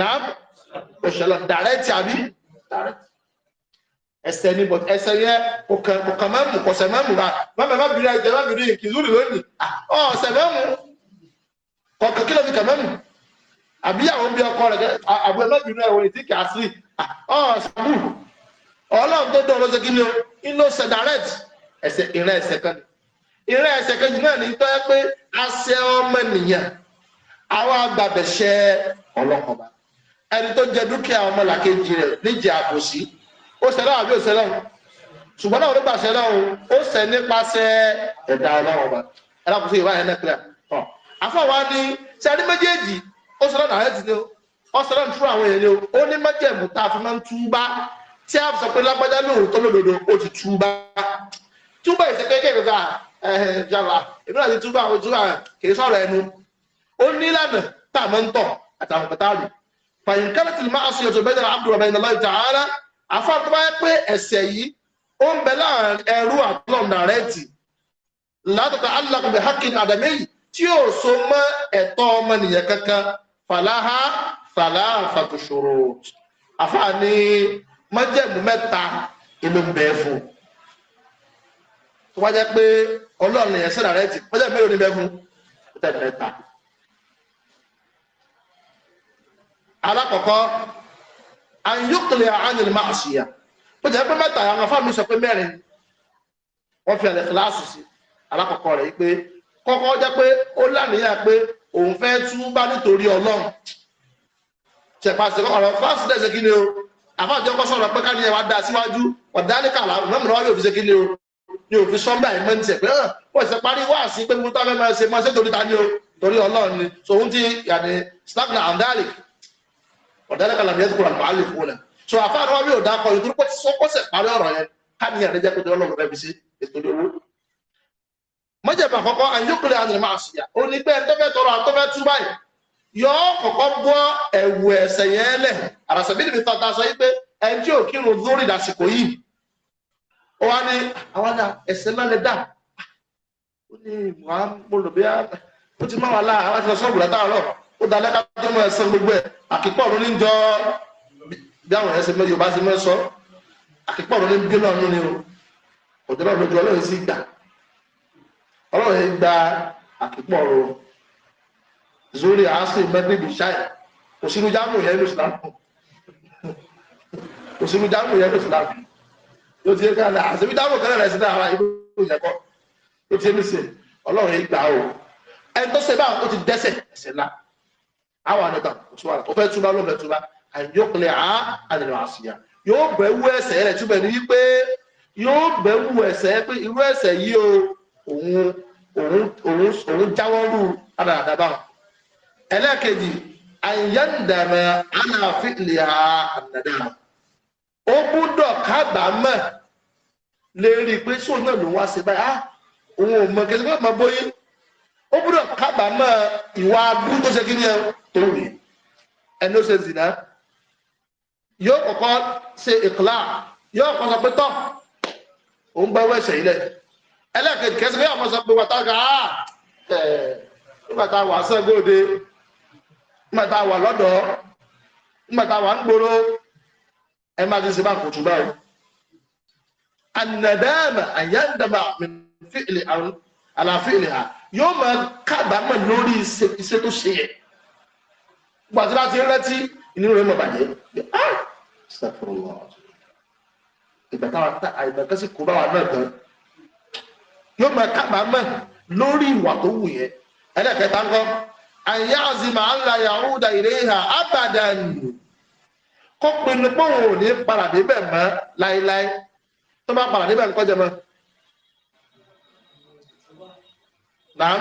náà òṣèlú dàrẹ́tì àbí dàrẹ́tì ẹsẹ ní bọ ẹsẹ yẹ kọkàn máa mú kọsẹ máa mú ra mọmọ bìrì àìjẹ má bìrì kì í lónìí ọ ah, ọsẹ máa mú kọkàn kí ló fi kàn mú àbí àwọn bí ọkọ rẹ̀ àbúrò ẹlẹ́bìnrin ẹ̀wọ̀n ìdí kàásì ọ̀sàbù ọlọ́run tó dọ̀rọ̀ ṣe ni o iná ṣe direct ẹsẹ̀ ìrẹ́ ẹsẹ̀ kan ìrẹ́ ẹsẹ̀ kejì náà ní tọ́ ẹ pé aṣẹ ọmọ ènìyàn àwọn agbábẹ̀ṣẹ́ ọlọ́kọ̀ọ̀bá ẹni tó jẹ dúkìá ọmọ làkejì rẹ̀ níjẹ̀ àbòsí ó ṣẹlẹ̀ àbí ó ṣẹlẹ̀ o ṣùgbọ́n náà nígbà ṣẹlẹ̀ o ó ṣẹ nípasẹ̀ ẹ̀dá ọlọ́run ọba ẹ̀dá kò sí ìwà ẹ̀ náà kílẹ̀ afọ wa ni ṣe méjèèjì ó sọ́rọ̀ náà ẹ̀dì ni ó ó sọ́rọ̀ fún àwọn èèyàn ni ó ní májẹ̀mú tá a fi máa ń túbá tí a sọ pé lágbájá lóòótọ́ ó ti eh, eh, ti túbá àwọn ó ní tá a máa ń tọ̀ àtàwọn kọ̀tà fàyín kẹ́lẹ́tì máa bẹ́ẹ̀ abdul rahman àfa tó bá yẹ pé yìí ó ń bẹ láàrin ẹrú tí yóò so ọmọnìyàn kankan Falaha fàláhà ṣòro àfààní májẹ̀mú mẹ́ta ìlú ń bẹ fún tó wá jẹ́ pé ọlọ́run yẹn sẹ́nà rẹ̀ ti májẹ̀mú mélòó ní bẹ fún mẹ́tẹ̀ mẹ́ta. alákọ̀ọ́kọ́ àyùkùlẹ̀ àánìlì máa ṣìyà ó jẹ́ pé mẹ́ta àwọn afáàmì sọ pé mẹ́rin wọ́n fi àlẹ́ kíláàsì sí alákọ̀ọ́kọ́ rẹ̀ yìí pé kọ́kọ́ jẹ́ pé ó lánìyàn pé òun fẹ́ túbá nítorí ọlọ́run ṣẹ̀pàṣẹ ọ̀rọ̀ fásitì ẹ̀ṣẹ̀ kí ni o àfáàjọ kọ́ sọ̀rọ̀ pé káni ẹwà dá síwájú ọ̀dálẹ́kà lọ́mọ̀lọ́wọ́ yóò fi ṣe kí ni o ni òfin sọ́mbà ẹ̀mọ́ ní ṣẹ̀ pé hàn ah, wọ́n ṣe parí wá sí pé mútá fẹ́ máa ṣe máa ṣe torí ta ni o torí ọlọ́run ni so ohun ti yàní snapna andalik ọ̀dálẹ́kà làmì ẹ̀ kúrò àlùbá lè fún ẹ̀ so àfáàjọ wọn yóò dákọ̀ ìdúró pé sọ́kọ́sẹ̀ parí ọ̀rọ̀ yẹn káni ẹ̀rẹ́jẹ́ pé torí ọlọ́run rẹ̀ fi ṣe ètò mọ́jẹ̀bà kọ́kọ́ àyíkùnrin àdìrìmọ̀ àṣìyà ó ní pé tọ́fẹ́ tọrọ àtọ́fẹ́ tú báyìí yọ kọ́kọ́ bọ́ ẹ̀wù ẹ̀sẹ̀ yẹn lẹ̀ àràsẹ̀bí níbi tọ́ta sọ yìí pé ẹni tí ò kírun lórí ìdásìkò yìí ó wá ní àwọn àdá ẹ̀sẹ̀ lọ́lẹ̀ dà ó ní wà á mo lò bí á ó ti má wà láà àwọn àti lọ sọ́ọ̀bù ọlọ́run yìí gba àkípọ̀ ọ̀rọ̀ zuri asi mẹ́gbẹ̀bì ṣáì òsínú jáàmù yẹn ló sìlámù òsínú jáàmù yẹn ló sìlámù yóò ti yẹ ká náà àṣẹbí jáàmù kẹlẹ́ rẹ̀ sí náà ara ìlú ìyẹ̀kọ́ yóò ti yẹ mí sè ọlọ́run yìí gbà o ẹni tó ṣe báwọn ó ti dẹ́sẹ̀ ẹ̀ṣẹ̀ ńlá àwọn àdọ́ta òṣùwà ó fẹ́ túbá ló fẹ́ túbá àyọkùnrin á àdìrò òun òun òun òun jáwọ́rú àdàdàbà ẹlẹ́ẹ̀kejì àyẹ̀ǹdàmẹ̀ ànàfíìlì àdàdà ó gbúdọ̀ kábàámọ̀ lè rí i pé sóun náà ló ń wá sí báyìí á ah, òun ò mọ kẹsíkọ́ ọmọ bóyá ó gbúdọ̀ kábàámọ̀ ìwà abú tó ṣe kí ni ẹ tó rí ẹni ó ṣe zìnà yóò kọ́kọ́ ṣe ìkìlá yóò kọ́ sọ òun gbọ́ wẹ́sẹ̀ yìí lẹ́yìn ẹlẹ́ẹ̀kejì kẹsì pé àwọn sọ pé wàtá ká ẹ̀ nígbà tá a wà sẹ́gbóde nígbà tá a wà lọ́dọ̀ nígbà tá a wà ń gbòòrò ẹ má ti ṣe bá kò tún báyìí. ànàdáàmà àyàndàmà àlàáfíà ìlẹ̀ ha yóò máa kábàámọ̀ lórí iṣẹ́ tó ṣe yẹ gbàtí láti rántí inú rẹ̀ mọ̀ bàjẹ́ ah ṣàfihàn ìgbà táwọn àìgbà bá wà náà gan yóò máa kábàámọ̀ lórí ìwà tó wù yẹn ẹlẹ́kẹta ńkọ́ àyà àzìmọ̀ àńlá yahuda ìrẹ́hà abadan kó pinnu pé òun ò ní padà débẹ̀ mọ́ láéláé tó bá padà débẹ̀ ńkọ́ jẹ mọ́. nàám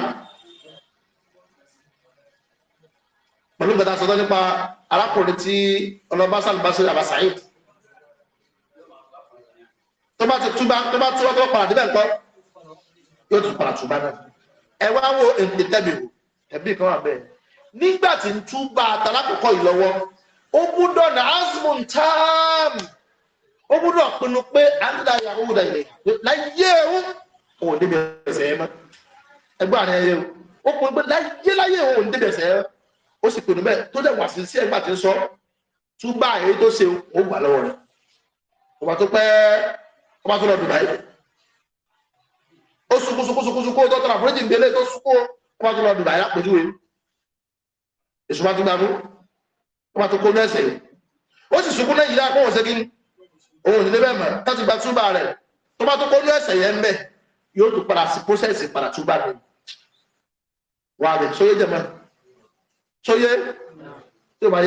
pẹ̀lú ìgbàdá sọ́tọ́ nípa arákùnrin tí ọlọ́ba sàlùbáṣẹ́ àbàṣàyè tó bá ti túbá tó bá túbá tó bá padà débẹ̀ ńkọ́. yóò tún padà bá náà ẹ wá wo èdè tẹ́bìrù tẹ̀bí kan wà bẹ́ẹ̀ nígbà tí ń tún bá àtàlákọ̀kọ́ yìí lọ́wọ́ ó gbúdọ̀ ní asmon tam ó gbúdọ̀ pinnu pé àdúrà dà láyé òun débi ẹsẹ̀ mọ́ ẹgbẹ́ àrẹ ó pinnu pé láyé láyé òun débi ẹsẹ̀ ó sì pinnu bẹ́ẹ̀ tó dẹ̀ wà sí sí ẹgbà tí ń sọ èyí tó ṣe ó ó sunkún sunkún sunkún sunkún tó tọ́ra fúrẹ́jì ìdílé tó sunkún ó bá tún lọ dùn àyà pẹ̀lú ewu èso bá tún gbàmú ó bá tún kó lẹ́sẹ̀ ó sì sunkún lẹ́yìn yá kóhùn ṣẹ́gi òun ìdílé bẹ́ẹ̀ mọ̀ láti gba túbà rẹ̀ tó bá tún kó lẹ́sẹ̀ yẹn bẹ́ẹ̀ yóò tún padà sí pósẹ̀sì padà túbà rẹ̀ wà á bẹ̀ sóyè jẹ̀mọ́ sóyè tí ó bá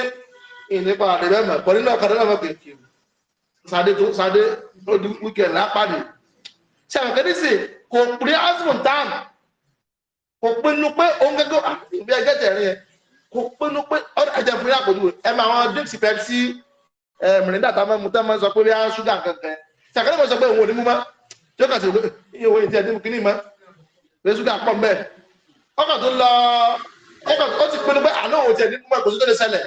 yẹ sọ ìnípa àdẹ̀rẹ́ mọ̀ pọ̀ nínú ọ̀kadà náà mọ̀ kìkì sàdé tó sàdé lódì wíkẹ̀ ni? ṣe àwọn kẹ́ni sì kò pé asmund tan kò pinnu pé òun gẹ́gẹ́ àbí ah, ẹgbẹ́ tẹ̀rín yẹn kò pinnu pé ọ̀rọ̀ ẹ̀jẹ̀ fún yà pọ̀jù ẹ̀ máa wọn dé sí pepsi ẹ̀ mìrìndà tá a máa mú tẹ́ máa sọ pé bí a ṣúgà kankan ṣe àkẹ́ni mọ̀ sọ pé òun ò ní mú mọ́ yóò kà sí iye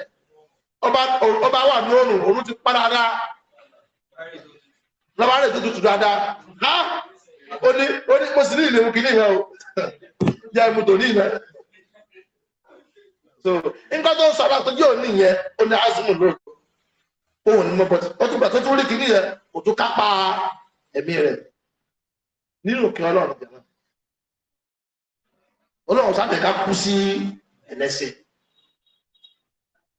ọba wà ní oòrùn oòrùn ti pa dáadáa lọ́ba rẹ̀ tó tutù dáadáa ha ó ní ó ní mo sì ní ìlú kìíní yẹn o yẹ mo tò ní ìlẹ̀ so nǹkan tó ń sọ aláàtọ̀ yóò ní ìyẹn ó ní azimu lóòrùn òun ní mọ́bọ̀tì ó tún gbà tó tún rí kìíní yẹn kò tún kápá ẹ̀mí rẹ̀ nínú òkè ọlọ́run jẹ̀mọ́ ọlọ́run sáà tẹ̀ká kú sí ẹ̀lẹ́sìn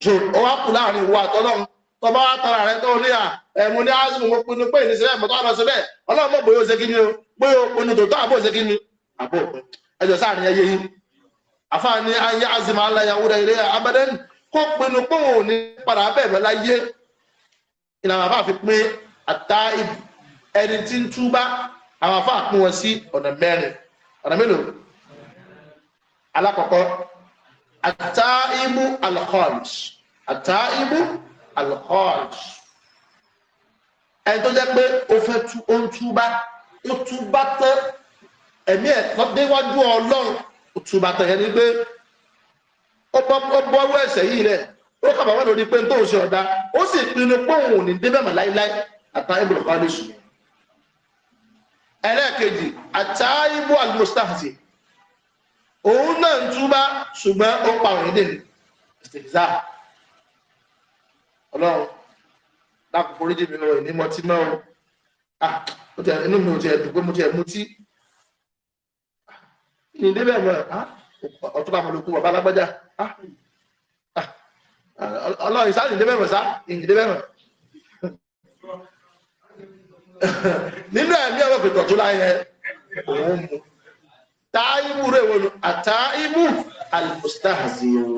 so ó wá kù láàrin ìwọ àtọlọ́run tó bá wá tara rẹ tó ní à ẹmu ní ásùn mo pinnu pé ìníṣẹlẹ mọtò àmọ síbẹ̀ Ọlọ́run mọ bóyá ó ṣe kíni o bóyá òpinnu tòótọ́ àbó ṣe kíni àbó ẹjọ sáàrin ẹyẹ yìí àfààní ayé azima aláyàwó rẹ ilé abẹdẹni kó pinnu pé òun ò ní padà bẹ̀rẹ̀ láyé ìlànà àbá fi pé àtà ẹni tí ń túbá àwọn àfáà pín wọn sí ọ̀nà mẹ́rin ọ̀nà mélòó alákọ̀ọ́kọ́ àtàìbù alkhalis àtàìbù alkhalis ẹni tó jẹ́ pé ó fẹ́ tú ó ń túbá ó túbá tán ẹ̀mí ẹ̀tọ́ déwájú ọlọ́run ó túbá tán ẹni pé ó bọ́wọ́ ẹ̀ṣẹ̀ yìí rẹ̀ ó kàbàwọ́ lórí pé tó ń ṣe ọ̀dá ó sì pinnu pé òun ò ní débẹ̀ mọ̀ láíláí àtàìbù alkhalis ẹlẹ́ẹ̀kejì àtàìbù almustahzi òun náà ń túbá ṣùgbọ́n ó pa òun dè ní ìsìtìfìsà ọlọ́run dákun foríjì mi lọ ìní mọtí mọ́ o ah, inú mi ò tiẹ̀ dùn pé mo tiẹ̀ mutí ní débẹ̀ mọ́ ah, ọtún bá mọ̀lùkù bàbá alágbájá ah, ọlọ́run sáà ní débẹ̀ mọ̀ sáà ní débẹ̀ mọ̀ nínú ẹ̀mí ọlọ́pẹ̀ tọ̀tún láyẹ òun mú táìmù rẹ̀ wọ́n àtàìmù alìmùsítàzìrò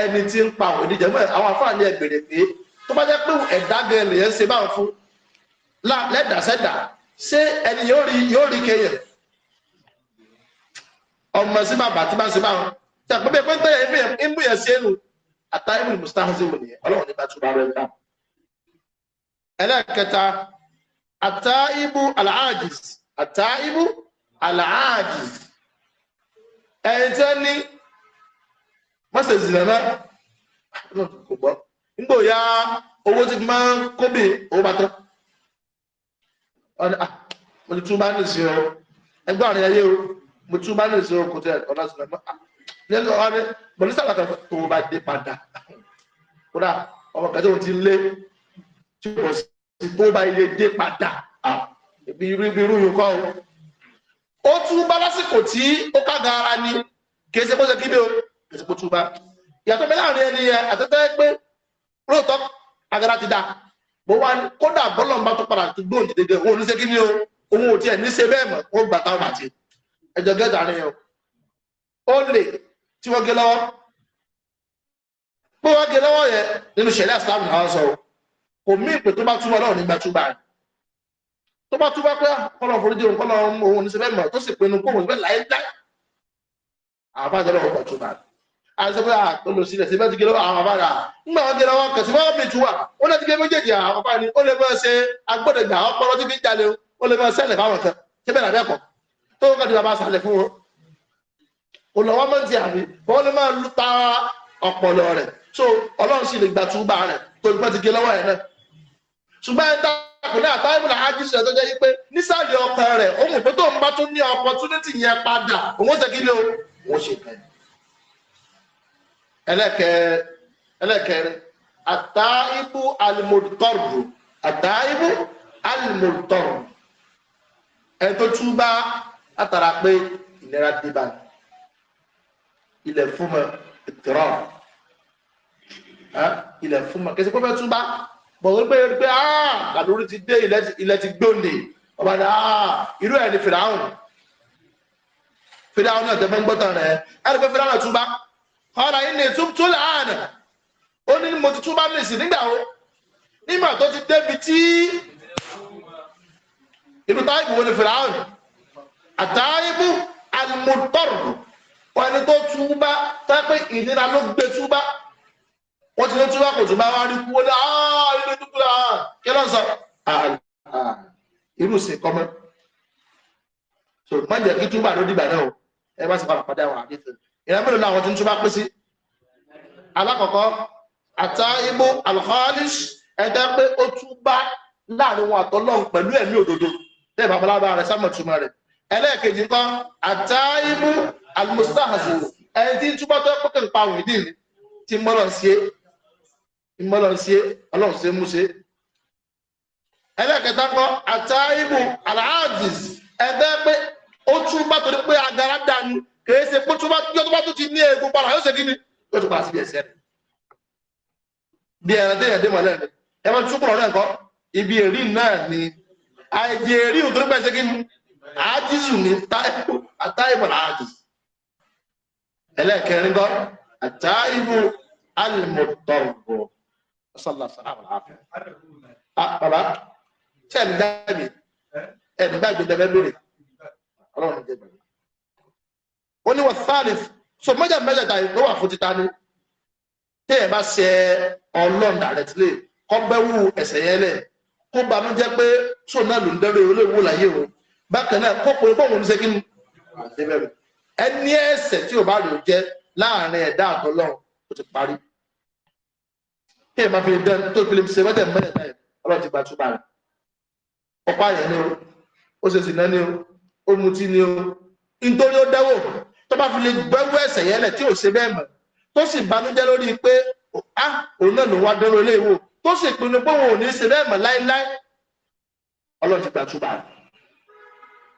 ẹni tí ń pa àwọn ìdíjẹ́ mọ́ àwọn afáà ní ẹgbẹ̀rẹ̀ pé tó bá jẹ́ pé ẹ̀dá gan lè ń ṣe bá ń fún lẹ́dàsẹ́dà ṣé ẹni yóò rí kéèyàn ọmọ sí bàbá tí bá ń ṣe bá ń tẹ̀ pé bẹ́ẹ̀ pẹ́ntẹ́ yẹn ń bú yẹn sí ẹnu ọlọ́run ní bá tún rẹ̀ dá ẹlẹ́ẹ̀kẹta àtàìmù aláàjìs àtàìmù àlàájì ẹni tí ó ní mọ́sẹ̀ ìsìnlẹ̀ náà kò gbọ́ nígbò ya owó tí máa ń kóbì owó bá tán mo ti tún bá ní ìsìn o ẹgbẹ́ àrùn ayé o mo tún bá ní ìsìn o kò tẹ ọ̀nà ìsìn náà nígbà wọn ni mo ní sábà kan tó bá dé padà kódà ọmọ kan mo ti lé tí mo bá ilé dé padà ibi irú yìí kọ́ o ó túbá lásìkò tí ó kága ara ni kìí ṣe kó ṣe kíbi o kìí ṣe kó túbá ìyàtọ̀ mi láàrin ẹni yẹn àtẹ́tẹ́ pé lóòótọ́ agara ti dà bó wá kódà bọ́lọ̀mbá tó padà tó gbóhùn dídé òun ní kí ni o òun ò tiẹ̀ ní ṣe bẹ́ẹ̀ mọ̀ ó gbà táwọn àti ẹjọ́ gẹ́gẹ́ àárín o ó lè tí wọ́n gé lọ́wọ́ pé wọ́n gé lọ́wọ́ yẹn nínú ṣẹ̀lẹ́ àṣà àwọn sọ̀rọ̀ kò mí ìpè tó bá túbọ̀ náà nígbà túbà yẹn tó bá túbá pé ah, kọ́lọ̀ foríjì òun kọ́lọ̀ òun ní sẹ́fẹ́ mọ̀ tó sì pinnu kóhun ìfẹ́ láyé dá àbájọ́lọ́ ọkọ̀ tó bá àìsọ́fẹ́ àtọ́lọ ah, sílẹ̀ sí mẹ́tí gẹ́lọ́wọ́ àwọn àbára ńgbà wọn gẹ́lọ́wọ́ kẹ̀ sí wọ́n mìtú wà ó lẹ́tí gẹ́ méjèèjì àwọn àbá ni ó lè mọ́ ṣe agbọ́dẹ̀gbà ọpọlọ tí fi ń jalè ó lè mọ́ sẹ́lẹ̀ fáwọn kan tí bẹ́ẹ̀ lábẹ́kọ̀ tó kọ́ ti bàbá sàlẹ̀ fún wọn kò lọ́wọ́ mọ́ ti àmì wọ́n lè máa lu ta ọpọlọ rẹ̀ so ọlọ́run sì lè gbà túbà rẹ̀ tó gbọ́ ti gẹ́lọ́wọ́ yẹn náà ṣùgbọ́n àpínlẹ̀ àtàwọn àjíṣẹ́ tó jẹ́ pé nísàlẹ̀ ọkọ rẹ̀ ó mọ̀ pé tó ń bá tún ní opportunity yẹn padà òun ṣe kí ni o wọ́n ṣe kẹ́ ẹlẹ́kẹ̀ẹ́rẹ́ àtàìbù alimọ̀tọ́rù àtàìbù alimọ̀tọ́rù ẹni tó tún bá látara pé ìlera dé ilẹ̀ fún mọ̀ ìtìrọ̀ ilẹ̀ fún mọ̀ kẹsì pé fẹ́ tún bá bọ̀dọ̀ pé pé àdúró ti dé ilẹ̀ ti gbóni ọba ní ah, irú ẹ̀ ni fìdáhùn fìdáhùn náà tẹ́fẹ́ ń gbọ́tàn rẹ̀ ẹ̀rí pé fìdáhùn náà túbá ọ̀rọ̀ yìí ni túbú láàánà ó ní mo ti túbá nìsí nígbà wo nígbà tó ti débi tí ìlú táìbù wo ni fìdáhùn àtàìbù àlùmọ̀tọ́rù wọn ni tó túbá tẹ́ pé ìnira ló gbé túbá wọ́n ti lé túbà kò túbà wá rí kú ó ní àá ah, ilé ah, kí ló ń sọ ah, ah, irú sí kọ́mọ́ so má jẹ́ kí túbà ló dìgbà náà ẹ bá sì padà padà wọn àdéhùn ìrẹ́ mélòó làwọn tí ń túbà pín sí alákọ̀ọ́kọ́ àtà ibú alhalis ẹgbẹ́ pé ó túbà láàrin wọn àtọ́lọ́hun pẹ̀lú ẹ̀mí òdodo tẹ́ ìbá balábá rẹ̀ sámọ̀ túmọ̀ rẹ̀ ẹlẹ́ẹ̀kejì kan àtà ibú almustahzu ẹni tí túbà tó pẹ́kẹ̀ ń pa òyìn ìmọ́lọ̀ sí ọlọ́run sí mú ṣe ẹlẹ́kẹta kọ́ àtàìbù aláàdìs ẹgbẹ́ pé ó túbá torí pé agara dání kìí ṣe pé túbá tó tó bá tó ti ní egun padà yóò ṣe kí ni yóò túbá sí ẹsẹ̀ rẹ̀ bí ẹ̀rọ tó yẹ dé mọ́lẹ̀ rẹ̀ ẹ máa túbọ̀ rẹ̀ kọ́ ibi èrí náà ni àìjẹ èrí òtún pẹ̀ ṣe kí ni àádìsù ni àtàìbù aláàdìs ẹlẹ́kẹrin kọ́ àtàìbù alìmọ̀tọ̀rọ̀ sọlá sàlámù àfẹ. bàbá ṣe ẹni dáàbì ẹni dáàbì dẹbẹ lórí Ọlọ́run jẹ bàbá. ó ní wọn sáàlì so mẹjọ mẹjọ tàbí ló wà fún títa ní tí ẹ bá ṣe Ọlọ́run dàrẹtìlẹ kọgbẹwù ẹsẹ yẹn lẹ kó banú jẹ pé sọ o bákan náà kó pé ẹni ẹsẹ tí ò bá rè jẹ láàrin ẹ̀dá àtọlọ́run ó ti parí kí ẹ máa fi dán tó fi lè ṣe mẹ́tẹ̀ mẹ́tẹ̀ báyìí ọlọ́run ti gba túbà rẹ̀ ọ̀pá yẹn ni o ó ṣe sì náà ni o ó mutí ni o nítorí ó dáwò tó bá fi lè gbẹ́wọ́ ẹ̀sẹ̀ yẹn lẹ̀ tí ò ṣe bẹ́ẹ̀ mọ̀ tó sì banújẹ́ lórí pé a òun náà ló wá dán lórí ìwò tó sì pinnu pé òun ò ní ṣe bẹ́ẹ̀ mọ̀ láéláé ọlọ́run ti gba túbà rẹ̀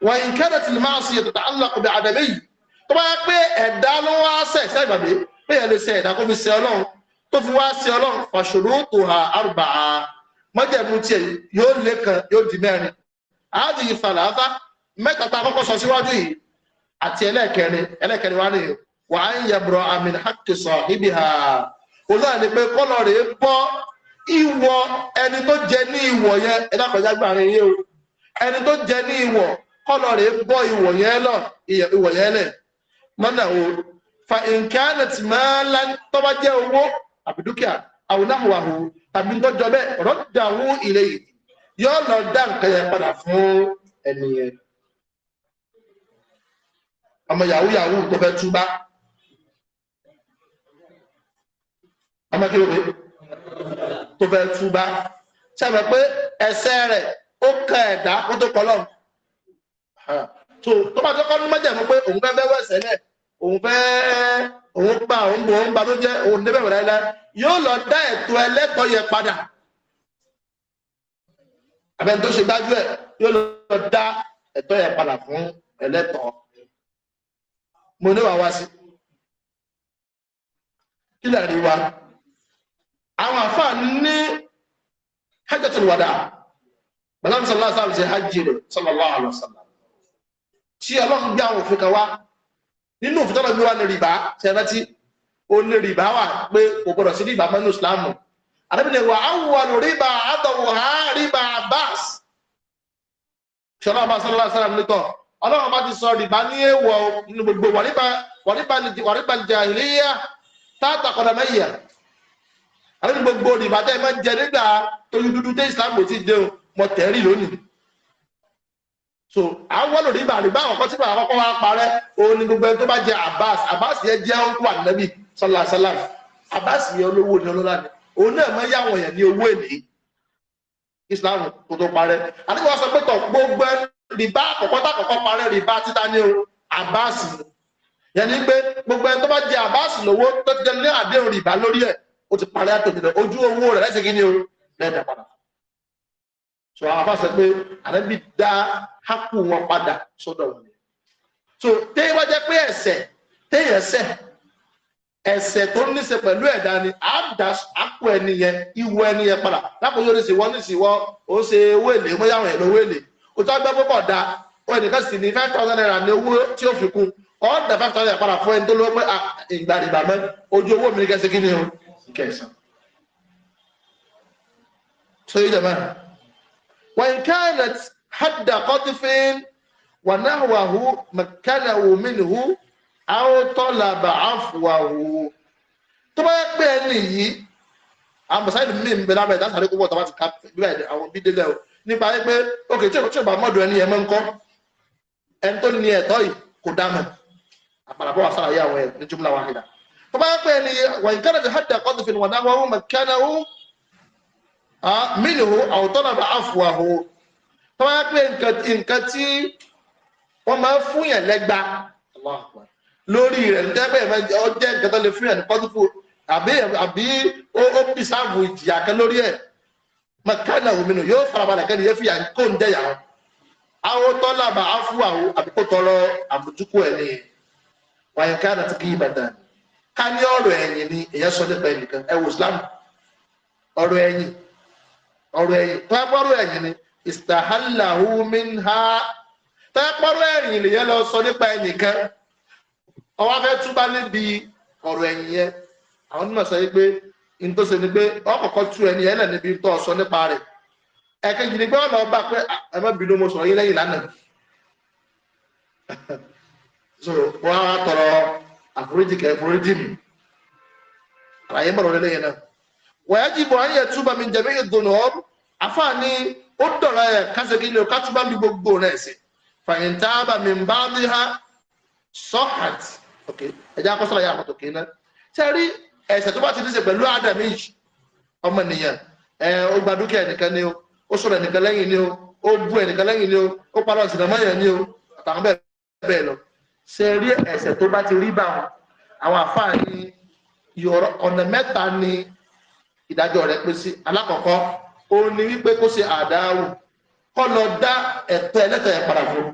wọ́n ìkẹ́rẹ̀ tì ní máa ṣe ètò tó fi wá sí ọlọ́run fàṣòro tó ha àrùbà á mọ́jẹ̀mú tiẹ̀ yóò lé kan yóò di mẹ́rin àádìí ìfàlàáfà mẹ́ta tá a kọ́kọ́ sọ síwájú yìí àti ẹlẹ́ẹ̀kẹrin ẹlẹ́ẹ̀kẹrin wá nìyẹn wà á ń yẹ̀bùrọ̀ àmìn hákìsọ̀ ibi ha olóyè ni pé kọ́lọ̀ rẹ̀ bọ́ ìwọ ẹni tó jẹ ní ìwọ yẹn ẹ̀dàkọ̀já gbàrin yẹn o ẹni tó jẹ ní ìwọ kọ́lọ̀ rẹ̀ bọ́ ìwọ yẹn lọ ìwọ yẹn lẹ̀ mọ́nà o fa nǹkan mẹ́lá tó owó àbí dúkìá àwòláhùwàhù tàbí tọ́jọ́ bẹ́ẹ̀ rọ́jà wú ilé yìí yóò lọ dá nǹkan yẹn padà fún ẹni yẹn ọmọ yahoo yahoo tó fẹ́ túbá ọmọ kí ló dé tó fẹ́ túbá sábà pé ẹ̀ṣẹ̀ rẹ̀ ó kẹ ẹ̀dá ó tó kọlọ tó tó bá tó kọ ní mọjàmú pé òun fẹ́ fẹ́ wẹsẹ náà òun fẹ́ òun gbà òun bò òun banú jẹ́ òun débẹ̀ wẹ̀rẹ̀ lẹ yóò lọ dá ẹ̀tọ́ ẹlẹ́tọ́ yẹ padà abẹ́ni tó ṣe gbájú ẹ̀ yóò lọ dá ẹ̀tọ́ yẹ padà fún ẹlẹ́tọ́ mo ní wàá wá sí kí lè rí wa àwọn àfa ní hajjatul wada bàlámsàlá sáà ṣe hajj rẹ̀ sallallahu alaihi wasallam tí ọlọ́run gbé àwọn òfin kan wá nínú òfin tọ́lọ̀ gbé wá ní rìbá ṣe rántí ó ní rìbá wà pé kò gbọdọ̀ sí rìbá mọ́nú ìsìláàmù àdébìnrin wa awwalu rìbá àtọ̀wò ha rìbá Abbas ṣọlá ọba sọlá sọlá nítọ̀ ọlọ́run bá ti sọ rìbá ní èèwọ̀ nínú gbogbo wàríbà jàhìlíyà táàtà kọ̀dà mẹ́yà àdébìnrin gbogbo rìbá tẹ́ ẹ máa ń jẹ nígbà tóyú dúdú tẹ́ ìsìláàmù ti dẹun mọ̀tẹ́rì lónìí so àwọn olùdíbà rí báwọn kan síbà àkọ́kọ́ wa parẹ́ òun ni gbogbo ẹni tó bá jẹ abbas abbas yẹn jẹ́ òkú ànábì sọlásálà abbas yẹn olówó ni ọlọ́lá ni òun náà máa yáwọn èèyàn ní owó èlé islam kò tó parẹ́ àdéhùn sọ pé tọ̀ gbogbo rìbá àkọ́kọ́ tàkọ́kọ́ parẹ́ rìbá títa ní abbas yẹn ni pé gbogbo ẹni tó bá jẹ abbas lówó tó ti jẹ ní àdéhùn rìbá lórí ẹ̀ ó ti parẹ́ àtòjìlẹ̀ ojú owó rẹ̀ lẹ́sìn kí ni o lẹ́ẹ̀dẹ̀ padà so àwọn afáṣẹ pé ànábì dá hákù wọn padà sọ́dọ̀ wọn so téyí wá jẹ pé ẹ̀ṣẹ̀ téyí ẹ̀ṣẹ̀ ẹ̀ṣẹ̀ tó ní ṣe pẹ̀lú ẹ̀dá ni à ń dá àpò ẹni yẹn ìwọ ẹni yẹn padà lápòjọ ní sì wọ́n ní sì wọ́n ó ṣe owó èlé bóyá àwọn èlò owó èlé o tó gbẹ́ púpọ̀ da o ẹnìkan sì ní five thousand naira ní owó tí ó fi kún ọ̀ dá five thousand naira padà fún ẹni tó lówó pé ah, ìgbà ìgbà mẹ́ ojú owó mi ní kẹsí kí ni o kẹsàn. so yìí jẹ báyìí. وإن كانت حد قطف ونحوه مكنه منه أو طلب عفوه tó bá yẹ pé ẹni yìí àwọn mọ̀sáìdì míì ń bẹ lábẹ́ ìdá sáré púpọ̀ tàbá ti ká bíbẹ̀ àwọn dídélẹ̀ o nípa pé òkè tí òkè bá mọ̀dọ̀ ẹni ẹmọ ńkọ́ ẹni tó ní ẹ̀tọ́ yìí kò dá mọ̀ àpàlàbọ̀ wà sàlàyé àwọn ẹ̀ ní jùmùlà wàhídà tó bá yẹ pé ẹni wọ̀nyí kẹ́rẹ́ ti hàdà kọ́tù fìlì wọn náà wọ́n mọ̀ kẹ́rẹ́ a mílò àwòtọ́nàbà àfùwàhò tó wá pé nǹkan tí wọ́n máa fún yẹn lẹ́gba lórí rẹ̀ nígbàgbẹ́ ọjẹ́ nǹkan tó lè fún yẹn ní pọ́sífò àbí ó bì sáàbù ìjìyà kan lórí ẹ̀ mọ̀kánà òmìnira yóò farabalẹ̀ kẹ́ni yóò fi yà kó ń jẹ́yà wọn àwòtọ́nàbà àfùwàhò àbíkó tọrọ àbùjúkú ẹ̀ ni wàyẹ̀ ká àti kí ìbàdàn ká ní ọ̀rọ̀ ẹ̀yìn ni èyẹ sọ nípa ẹnìkan ẹ̀wò Islam ọ̀rọ̀ ẹ̀yìn ọ̀rọ̀ ẹ̀yìn tápọ́rọ̀ ẹ̀yìn ni istahallahu minha tápọ́rọ̀ ẹ̀yìn lèyẹn lọ sọ nípa ẹnìkan ọwọ́ fẹ́ túbá níbi ọ̀rọ̀ ẹ̀yìn yẹn àwọn onímọ̀ sọ pé ntọ́sẹ̀ ni pé ọkọ̀ọ̀kọ̀ tú ẹni yẹn lẹ̀ níbi tó sọ nípa rẹ̀ ẹ̀kejì ni pé ọ̀nà ọba pé ẹ má bínú mo yín lẹ́yìn lánàá so wọ́n á tọrọ àforíjì kẹ́ àforíjì mi àlàyé mọ̀rọ̀ lẹ́yìn náà wẹ̀ẹ́jìbọ̀ ayé túbà mi jẹ̀mí ìgbónà ọ́rù afá ni ó dọ̀rọ̀ ẹ̀ kásẹ̀kí ni ọ̀ká túbà mi gbogbo rẹ̀ sí fàyìntàbà mi bá ní ha sọ́hàt ẹ̀já akọ́sọ́rọ̀ yà àkọ́tò kìí náà ṣe rí ẹ̀ṣẹ̀ tó bá ti ní ṣe pẹ̀lú ádámì yìí ọmọ nìyẹn ẹ̀ ó gba dúkìá ẹnìkan ni ó ó sọ̀rọ̀ ẹnìkan lẹ́yìn ni ó ó bú ẹnìkan lẹ́yìn ni ìdájọ́ rẹ̀ pín sí alákọ̀ọ́kọ́ ó ní wípé kó ṣe àdáhùn kọ́ lọ dá ẹ̀tọ́ ẹlẹ́tọ̀ yẹn padà fún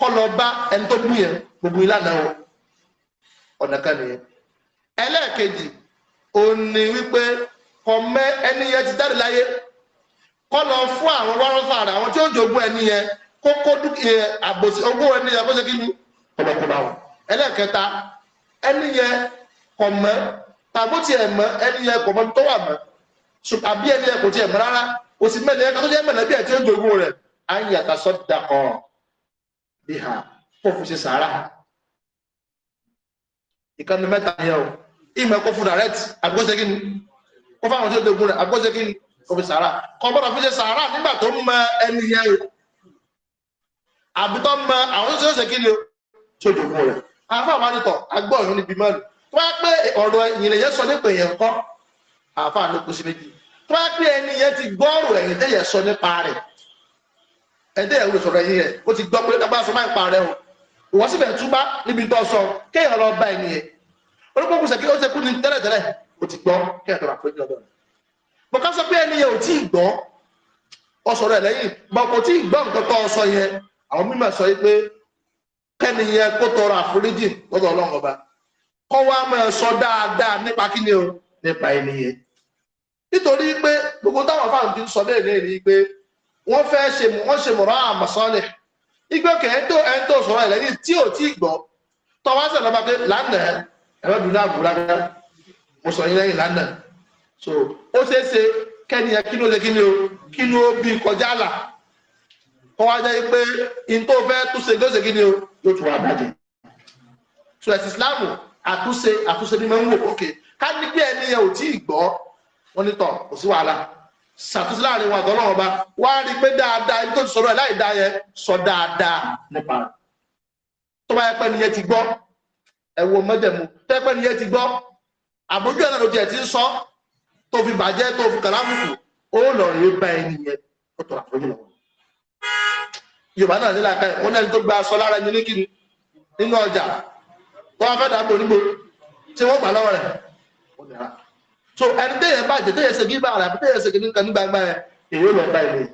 kọ́ lọ bá ẹni tó bú yẹn gbogbo ìlànà wọn ọ̀nà kan nìyẹn ẹlẹ́ẹ̀kejì ó ní wípé kọ́ mẹ́ ẹni yẹn ti dáre láyé kọ́ lọ fún àwọn wárọ́fà rẹ̀ àwọn tí ó jogún ẹni yẹn kó kó dúkìá àbòsí ogún ẹni yẹn kó ṣe kí ni kọ̀dọ̀kọ̀dọ̀ àwọn ẹlẹ́ẹ̀kẹta ẹni yẹn kọ̀ mẹ́ tàbó ti ẹ̀ mọ́ ẹni yẹn kò mọ́ tó wà mọ́ àbí ẹni yẹn kò ti ẹ̀ mọ́ rárá o sì mẹ́ni yẹn kó tó jẹ́ mẹ́lẹ́ bí ẹ̀ ti ń jogún rẹ̀ á ń yàtà sọ́dà kan bí ha fún òfin ṣe sàárà ìkànnì mẹ́ta yẹn o ìmọ̀ ẹ̀kọ́ fún direct àgbóṣe kí ni kó fáwọn tí ó jogún rẹ̀ àgbóṣe kí ni kó fi sàárà kọ́ gbọ́dọ̀ fi ṣe sàárà nígbà tó mọ ẹni yẹn o àbí mọ àwọn tí ó ṣe kí ni o tí ó jogún rẹ̀ àfọwọ́ tó bá pé ọ̀rọ̀ ìyìnlẹ̀ yẹn sọ nípa èèyàn kọ́ àáfàá ló kù sí méjì tó bá pé ẹni yẹn ti gbọ́rò ẹ̀yìn tẹ́ yẹn sọ nípa rẹ̀ ẹ̀dẹ́ ẹ̀rù sọ̀rọ̀ ẹ̀yìn rẹ̀ ó ti gbọ́ pé lágbára sọ máa ń pa rẹ̀ o ìwọ́n sì fẹ́ẹ́ túbá níbi tó sọ kéèyàn lọ bá ẹni yẹn orúkọ kùsẹ̀ kí ó ti kú ní tẹ́lẹ̀tẹ́lẹ̀ ó ti gbọ́ kéèyàn tó rà fún ìjọba rẹ̀ bọ́ká sọ pé ẹni yẹn ò tí ì gbọ́ ọsọ̀rọ̀ ẹ̀ lẹ́yìn bọ́ kò tí ì gbọ́ nǹkan tó sọ yẹn àwọn mímọ̀ sọ yìí pé kẹ́ni yẹn kó tọrọ àforíjì lọ́dọ̀ ọlọ́run ọba kọ́ wá máa sọ dáadáa nípa kí ni o nípa ẹni yẹn nítorí pé gbogbo táwọn fáwọn ti ń sọ bẹ́ẹ̀ lẹ́yìn ni pé wọ́n fẹ́ ṣe wọ́n ṣe mọ̀rọ̀ àmọ̀sánlẹ̀ ìgbẹ́ kẹ́ńtò ẹ̀ńtò sọ̀rọ̀ ẹ̀lẹ́yìn tí ò tí gbọ́ tọ́wọ́ sẹ̀ lọ́ba pé lánàá ẹ̀rọ dùn náà gbúra mo sọ yín lẹ́yìn lánàá so ó ṣeé ṣe kẹ́niyàn kí ló lè kí ni o kí ló bí kọjá là kọ́ wá jẹ́ pé in tó fẹ́ tó ṣe gbé ṣe kí ni o yóò tún wá bàjẹ́ so ẹ̀sìn Islam àtúnṣe àtúnṣe ní máa ń wò ókè ká ní pé ẹni yẹn ò tí ì gbọ́ wọn ní tọ̀ kò sí wàhálà ṣàtúnṣe láàrin wọn àtọ́lọ́wọ́n bá wá rí i pé dáadáa ibi tó ti sọ̀rọ̀ ẹ̀ láì dá yẹn sọ dáadáa nípa rẹ̀ tó bá yẹ pé nìyẹn ti gbọ́ ẹ̀wọ̀ mọ́jẹ̀mú tó yẹ pé nìyẹn ti gbọ́ àbójú ẹ̀ náà ló jẹ́ ti ń sọ tó fi bàjẹ́ tó fi kàlámùkù ó lọ rí bá ẹni yẹn ó tọrọ àforíjì lọ́wọ́ Yorùbá náà nílà wọ́n fẹ́ dàgbò nígbò tí wọ́n gbà lọ́wọ́ rẹ̀ so ẹni téèyàn bá jẹ téèyàn ṣe kí bá rẹ̀ àbí téèyàn ṣe kí nǹkan ní gbangba rẹ̀ èyí lọ bá ilé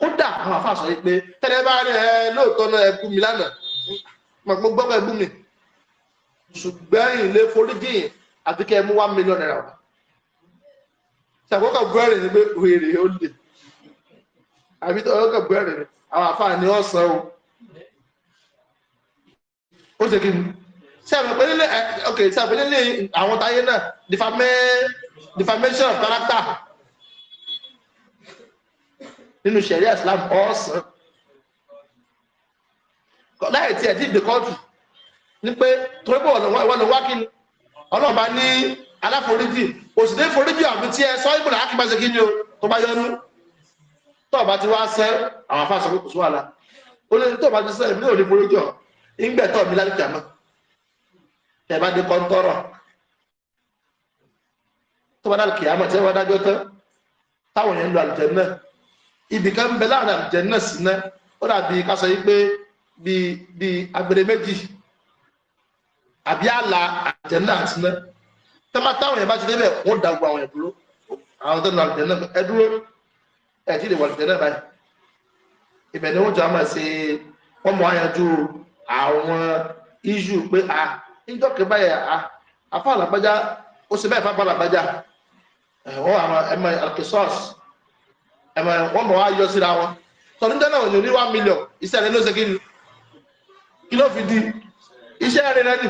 kódà àwọn afa sọ pé tẹ́lẹ̀ bá rẹ̀ ẹ lóòótọ́ náà ẹ bú mi lánàá mo gbọ́ pé bú mi ṣùgbọ́n ilé foríjìn àti kẹ́ ẹ mú one million naira wá ṣàkókò búrẹ́rì ni pé wèrè ó lè àbí ọkọ̀ búrẹ́rì ni àwọn afa ni ọ̀sán o ó ṣe kí ni sẹ́ẹ̀pẹ̀lẹ́lẹ́ ok sẹ́ẹ̀pẹ̀lẹ́lẹ́ àwọn táyé náà defamation of character nínú sẹ̀rí islam ọ̀sán láì tí ẹ̀ tí ìdè kọ́ọ̀tù ní pé torípò ìwọ̀n lọ wá kí ni ọlọ́ọ̀bá ní aláforíjì òsìdé foríjì àbí tí ẹ sọ ìbùdó akíbáṣe kí ni tó bá yọnu tó bá ti wá sẹ́ àwọn afáṣọ ìgbẹ́tọ̀ mi lálẹ́ kìámà tẹ̀ di dé kọ́ńtọ́rọ̀ tó bá dálẹ́ kìámà tẹ́ bá dájọ́ tán táwọn yẹn ń lo àlùjànnà ibì kan bẹ láàrin àlùjànnà sí náà ó dàbí ká sọ yí pé bí bí agbèrè méjì àbí àlà àlùjànnà àti náà tẹ́lá táwọn yẹn bá ti débẹ̀ wọ́n da gbogbo àwọn yẹn dúró àwọn tó ń lo àlùjànnà ẹ dúró ẹ ti lè wọ àlùjànnà báyìí ibẹ̀ ni wọ́n jọ àmọ̀ ṣe wọ́n mọ̀ áyanjú àwọn iṣu pé a níjọ́kẹ́ báyà a afá àlàpájá ó sì bẹ́ẹ̀ fáfá àlàpájá wọ́n àwọn ẹ̀mọ alkisọ́ọ̀s ẹ̀mọ wọ́n mọ̀ wá yọ síra wọn tọ́nu jẹ́ náà ní one million iṣẹ́ rẹ̀ ló ṣe kíni kí ló fi di iṣẹ́ rẹ̀ náà nì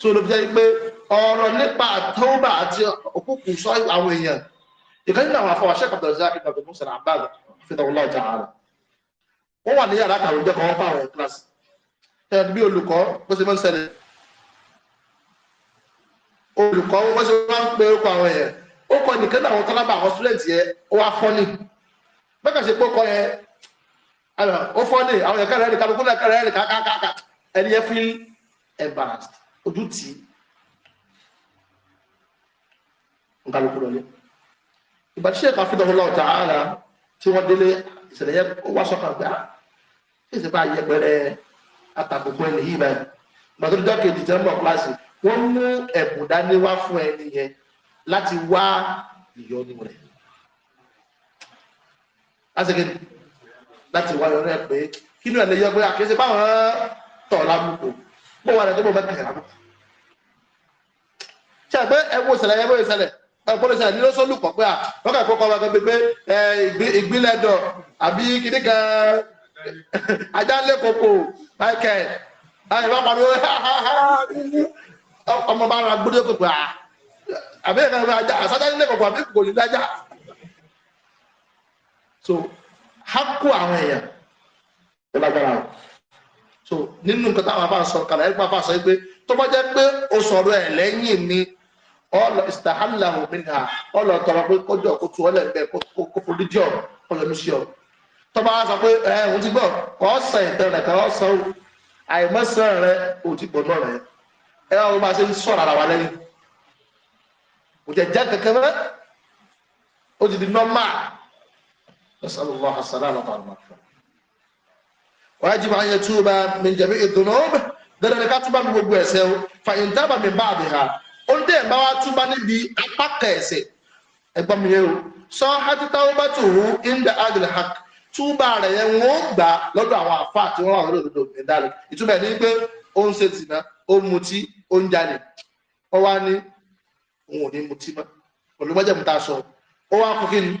tó ló fi jẹ́ pé ọ̀rọ̀ nípa àtọ́wọ́bà àti òkùnkùn sọ àwọn èèyàn ìkànnì àwọn afọwọ́ṣẹ́ kàtàkì wọ́n wà ní yàrá kàwé jẹ́ kọ́ fún àwọn kíláàsì ẹ̀rọ bí olùkọ́ bó ṣe máa ń ṣẹlẹ̀ olùkọ́ wọ́n ṣe máa ń pe orúkọ àwọn yẹn ó kọ nìkan náà àwọn tálábà àwọn student yẹn ó wá fọ́nì bẹ́ẹ̀ kàn ṣe pé ó kọ yẹn ó fọ́nì àwọn yẹn kẹrẹ ẹnìkan lókùnrin kẹrẹ ẹnìkan káàkàkà ẹni yẹn feel embarrassed ojú tì í nǹkan lókùnrin lọ́lẹ́ ìbàdí ṣe é kà fi dọ̀wọ́ lọ́wọ́ tààrà tí wọ́n délé ìṣẹ̀lẹ̀ yẹn ó wá sọ́kàn gbà á. Ah, èsì pa àyẹ̀pẹ̀rẹ̀ àtàkùnkùn ẹni yìí báyìí gbàdúrà kejì tẹ́ ń bọ̀ kíláàsì wọ́n mú ẹ̀bùn dání wá fún ẹni yẹn láti wá ìyọnu rẹ̀ lásìkò láti wá ìyọnu rẹ̀ pé kí ni ẹ̀lẹ́yọ pé àkíyèsí báwọn tọ̀ lámùkò bó wà lẹ́tọ́ bó bẹ́ẹ̀ kẹ̀kẹ́ lámùkò. ṣé ẹgbẹ́ ẹwọ́ ìṣẹ̀lẹ̀ ẹwọ́ ìṣẹ̀lẹ̀ ọpọlọ ìṣẹ̀lẹ̀ nílò sólùkọ̀ pé à wọ́n kà kó kọ́ ọmọ kan pé ìgbìlẹ̀ dọ̀ àbí kìnnìkan ajá ń lé koko michael láti bá pariwo ọmọ bá ra gbódé koko ah. àbí ẹ̀ka ẹ̀ka ajá àsájá ń koko àbí koko ní dájá so hákó àwọn èèyàn tó lágbára so nínú nǹkan táwọn afáà sọ kalẹ̀ ẹ̀ka afáà sọ pé tó bá jẹ́ pé o sọ̀rọ̀ ẹ̀ lẹ́yìn mi ọlọ istahallahu minha ọlọ tọrọ pé kọjọ kó tu ọlẹ bẹ kó forí jọ ọlọ mi sí ọ tọ́ba sọ pé ẹ ò ti gbọ́ ọ̀sẹ̀ ìtẹ̀rẹ̀ kan ọ̀sẹ̀ o àìmọ́sẹ̀ rẹ ò ti gbọ́dọ̀ rẹ ẹ ọ bá ṣe ń sọ̀rọ̀ ara wa lẹ́yìn kò jẹ́ jẹ́ kankan mẹ́ ó ti di nọ́mà nasalùlọ́ hasan alọ́kọ̀ àlùmọ́fẹ́. wájib an yatuba min jami'i dhunub dandan ni ká túbà mi gbogbo ẹ̀ṣẹ̀ o fa in taba min ba'diha ó ń dé ẹ̀ bá wa túbà níbi apá kẹ̀ẹ̀sẹ̀ ẹ̀gbọ́n mi yẹ o sọ hati tawbatuhu inda adil haqq túbà rẹ̀ yẹn wọ́n gbà lọ́dọ̀ àwọn àfáà tí wọ́n wà lórí òdodo ìdálẹ̀ ìtumọ̀ ní pé ó ń ṣe tìǹà ó ń mutí ó ń jalè ó wá ní òun ò ní mutí mọ́ olùmọ́jẹ̀mú ta sọ ó wá fún kí ni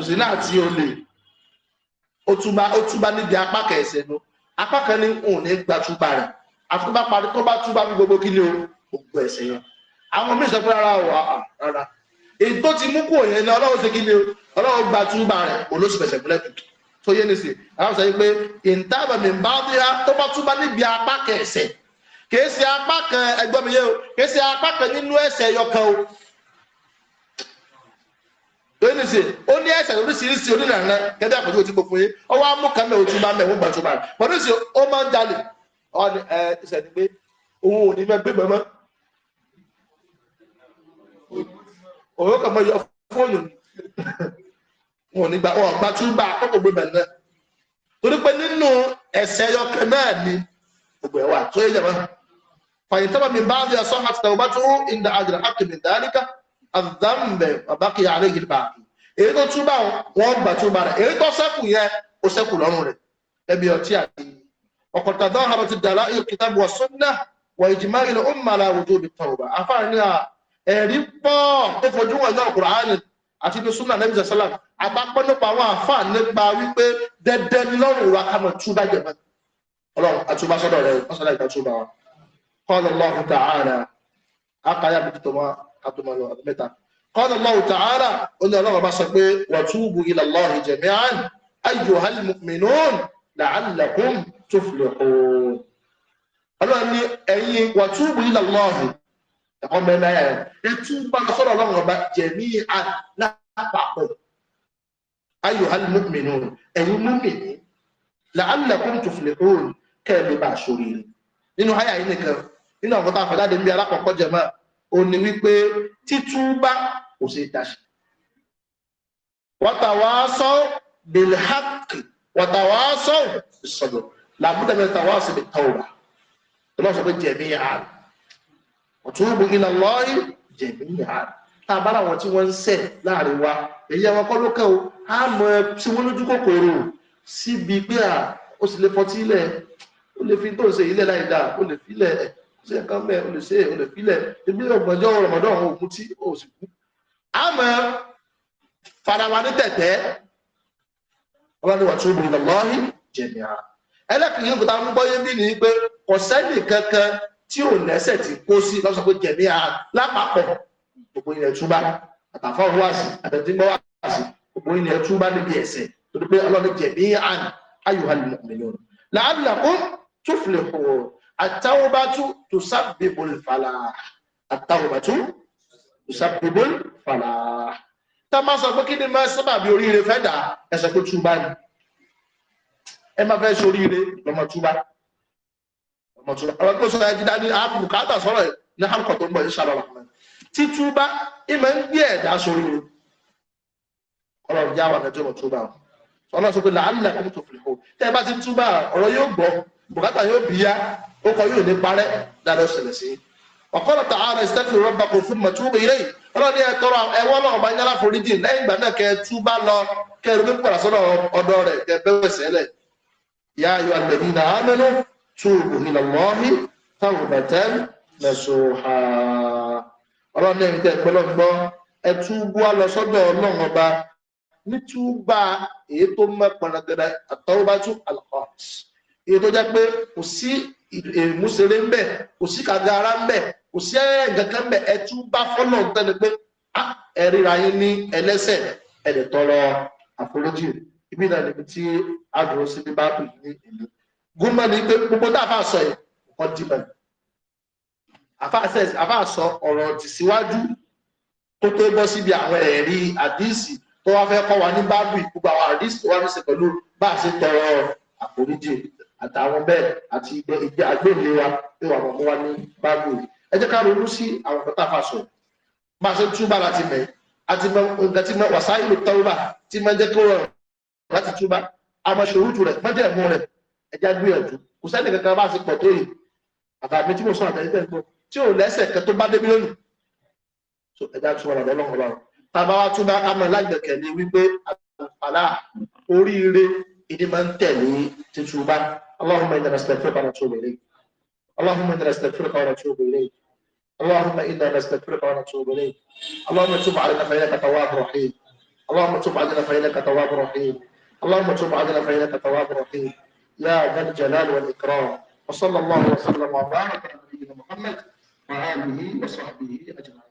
òsínà àti olè ó túbà ó túbà níbi apá kẹsẹ̀ nu apá kan ní òun ní gba túbà rẹ̀ àfikún bá parí tó bá túbà ní gbogbo kí o gbogbo ẹ̀sẹ̀ yẹn àwọn míì sọ pé rárá o rárá èyí tó ti mú kú òyìn ni ọlọ́run ṣe kí ni ọlọ́run gba túbà rẹ̀ olóṣù fẹsẹ̀ múlẹ̀ tuntun tó yé ni sí aláwọ̀ sọ pé ìntàbà mi bá bí a tó bá túbà níbi apá kẹsẹ̀ kìí ṣe apá kan ẹgbọ́n mi yé o kìí ṣe apá kan nínú ẹsẹ̀ ẹyọkan o tó yé ni sí ó ní ẹsẹ̀ oríṣiríṣi onínàánà gẹ́gẹ́ àpòjú òtí gbogbo yé ọwọ́ amú kan mẹ́ òtún bá mẹ́ òun gbà rẹ̀ pọ̀lú sí òun kàn mọ yọ fóònù wọn ní gbà wọn gbà tún bá àkókò gbẹmẹ náà torí pé nínú ẹsẹ yọkẹ náà ni gbogbo ẹwà tó yẹ jẹmọ fàyìn tábà mi bá di asọ àti tàwọn bá tún ìdá àjẹrà àkèmí dáríkà àdàmbẹ àbákì àrẹ yìí báàkì èyí tó túbà wọn gbà túbà rẹ èyí tó ṣẹ́kù yẹn ó ṣẹ́kù lọ́rùn rẹ ẹbí ọtí àti ọkọtàdán àbàtì dàlá ìkìtàbù ọsùn ìjìmá ilẹ ó màlà ẹ̀rí pọ̀ tó fojú wọn náà kùránì àti ní súnà lẹ́yìn sẹ́lá àpapọ̀ nípa àwọn àfáà nípa wípé dẹ́dẹ́ lọ́rùn wa ká mọ̀ túbá jẹ̀mọ́ ọlọ́run àtúbá sọ́dọ̀ rẹ̀ ọ̀sọ́dọ̀ ìgbà túbá wa ọlọ́run bá ẹ̀yin wà túbù ẹ̀kọ́ mẹ́rin náírà yẹn ìtúbà sọ́dọ̀ ọlọ́run ọba jẹ̀mí alápapọ̀ ayò alùmọ́mìnú ẹ̀yin múmìnì làálẹ̀kùn tùfìlẹ̀hún kẹ́ẹ̀mí bá aṣọrí rẹ̀ nínú àyà yìí nìkan nínú àwọn tá a fọdáde ń bí alákọ̀ọ́kọ́ jẹ̀ mọ́ ò ní wípé títúbà kò ṣe dáṣe. wàtàwàásọ bilhaki wàtàwàásọ ìsọdọ làbúdàbẹ tàwàásọ bìtàwà ọlọ́sọ̀ pé jẹ̀mí àlù ọ̀túnbù ilà lọ́rí jẹ̀mí ìhà tá a bára wọn tí wọ́n ń ṣẹ̀ láàrin wa èyí àwọn kọ́ ló kẹ́ o á mọ tí wọ́n lójú kòkòrò síbi pé à ó sì lè fọtí ilẹ̀ ó lè fi tó ṣe ilẹ̀ láì dáa ó lè fi ilẹ̀ ó sì kàn mẹ́ ó lè ṣe ó lè fi ilẹ̀ ebi ọgbọ̀njọ́ rọ̀mọ́dọ́ àwọn òkú tí ó sì kú á mọ farawa ní tẹ̀tẹ́ ọba ni wà tó bùrù lọ́rí jẹ̀mí ẹlẹ́kìnrin kò tá a ń gbọ́ yé bí ni pé kò kankan tí ò lẹ́sẹ̀ tí kó sí lọ́sọ̀ pé jẹ̀mí a lápapọ̀ gbogbo ilẹ̀ túbá àtàfà òwú àsì àtẹ̀tìmọ́ àsì gbogbo ilẹ̀ túbá níbi ẹ̀sẹ̀ torí pé ọlọ́run jẹ̀mí àn ayuhal mu'minun la'allakum tuflihun at-tawbatu tusabbibul falah at-tawbatu tusabbibul falah tá a máa sọ pé kí ni máa sábàbí oríire fẹ́ dà ẹ sọ pé túbá ni ẹ máa fẹ́ sọ oríire lọ́mọ túbá ni ọmọtura àwọn tó sọ ẹ ti dání àbùkù káàtà sọ̀rọ̀ ẹ ní àkọ tó ń bọ̀ ìṣàlọ làwọn títúbà ìmọ ń gbé ẹ̀dá sórí mi Ọlọ́run jáwà nẹjọ mọ túbà Ọlọ́run sọ pé làálà kò tó fìlẹ o tẹ ẹ bá ti túbà ọ̀rọ̀ yóò gbọ́ bùkátà yóò bí ya ó kọ yóò ní parẹ́ dáadáa ṣẹlẹ̀ sí ọkọlọ tà ààrẹ stephen rọba kò fún mọ túbà ilé Ọlọ́run ni ẹ tọrọ ẹwọ náà ọba yẹn láforíjì lẹ́yìn ìgbà náà kẹ túbà lọ kẹ ẹrú mi pàrọ sọ́dọ̀ ọ̀dọ̀ rẹ̀ kẹ bẹ̀wẹ̀ sẹlẹ yá ayọ àgbẹbí náà á túbù ìlàlọ́hí tàwùbàtẹ́ mẹ́sùhà ọlọ́run ẹ̀yìn tẹ́ pẹ́lọ́ gbọ́ ẹ túbú á lọ sọ́dọ̀ ọlọ́run ọba ní túbà èyí tó mọ́ pọ̀nàgẹ̀dẹ̀ àtọ́wọ́bátú alhọ́s èyí tó jẹ́ pé kò sí ìmúṣeré ń bẹ̀ kò sí kàgàrà ń bẹ̀ kò sí ẹ̀gẹ̀kẹ́ ń bẹ̀ ẹ túbà fọ́nà tẹ́ni pé ah, ẹ yín ní ẹlẹ́sẹ̀ ẹ̀dẹ̀ tọrọ ibi náà níbi tí a dúró sí ní ní ìlú gúnmọ́ ni pé gbogbo tá a fà sọ yìí kò di mọ́ àfà sọ ọ̀rọ̀ ti síwájú tó tó bọ́ síbi àwọn ẹ̀rí àdíìsì tó wá fẹ́ kọ́ wa ní báàbù gbogbo àwọn àdíìsì tó wá ní ṣe pẹ̀lú bá a ṣe tọrọ àforíjì àtàwọn bẹ́ẹ̀ àti ìgbé àgbéǹde wa pé wà mọ̀ wá ní báàbù ẹ jẹ́ ká ronú sí àwọn kan tá a fà sọ bá a ṣe túbà láti mẹ́ àti nǹkan tí wàsáìlú tọ́wọ́ bá ti máa jẹ́ kó rọrùn láti túbà àmọ́ ṣòwútu rẹ̀ mọ́jẹ̀ mú rẹ̀ ẹjá gbìyànjú kò sẹ́ni kankan bá ti pọ̀ tó yìí àtàbí tí mo sọ àtẹ̀yìn tẹ̀ ń gbọ́ tí ò lẹ́sẹ̀ kan tó bá débi lónìí so ẹjá tún ọ̀rọ̀ lọ́wọ́ ọba tàbá wa tún bá amọ̀ lágbẹ̀kẹ̀lé wípé àlá oríire ìdí máa ń tẹ̀lé títún bá اللهم إنا نستغفرك ونتوب إليك اللهم إنا نستغفرك ونتوب إليك اللهم إنا نستغفرك ونتوب إليك اللهم تب علينا فإنك تواب رحيم اللهم تب علينا فإنك تواب رحيم اللهم تب علينا فإنك تواب رحيم يا ذا الجلال والإكرام وصلى الله وسلم وبارك على نبينا محمد وآله وصحبه أجمعين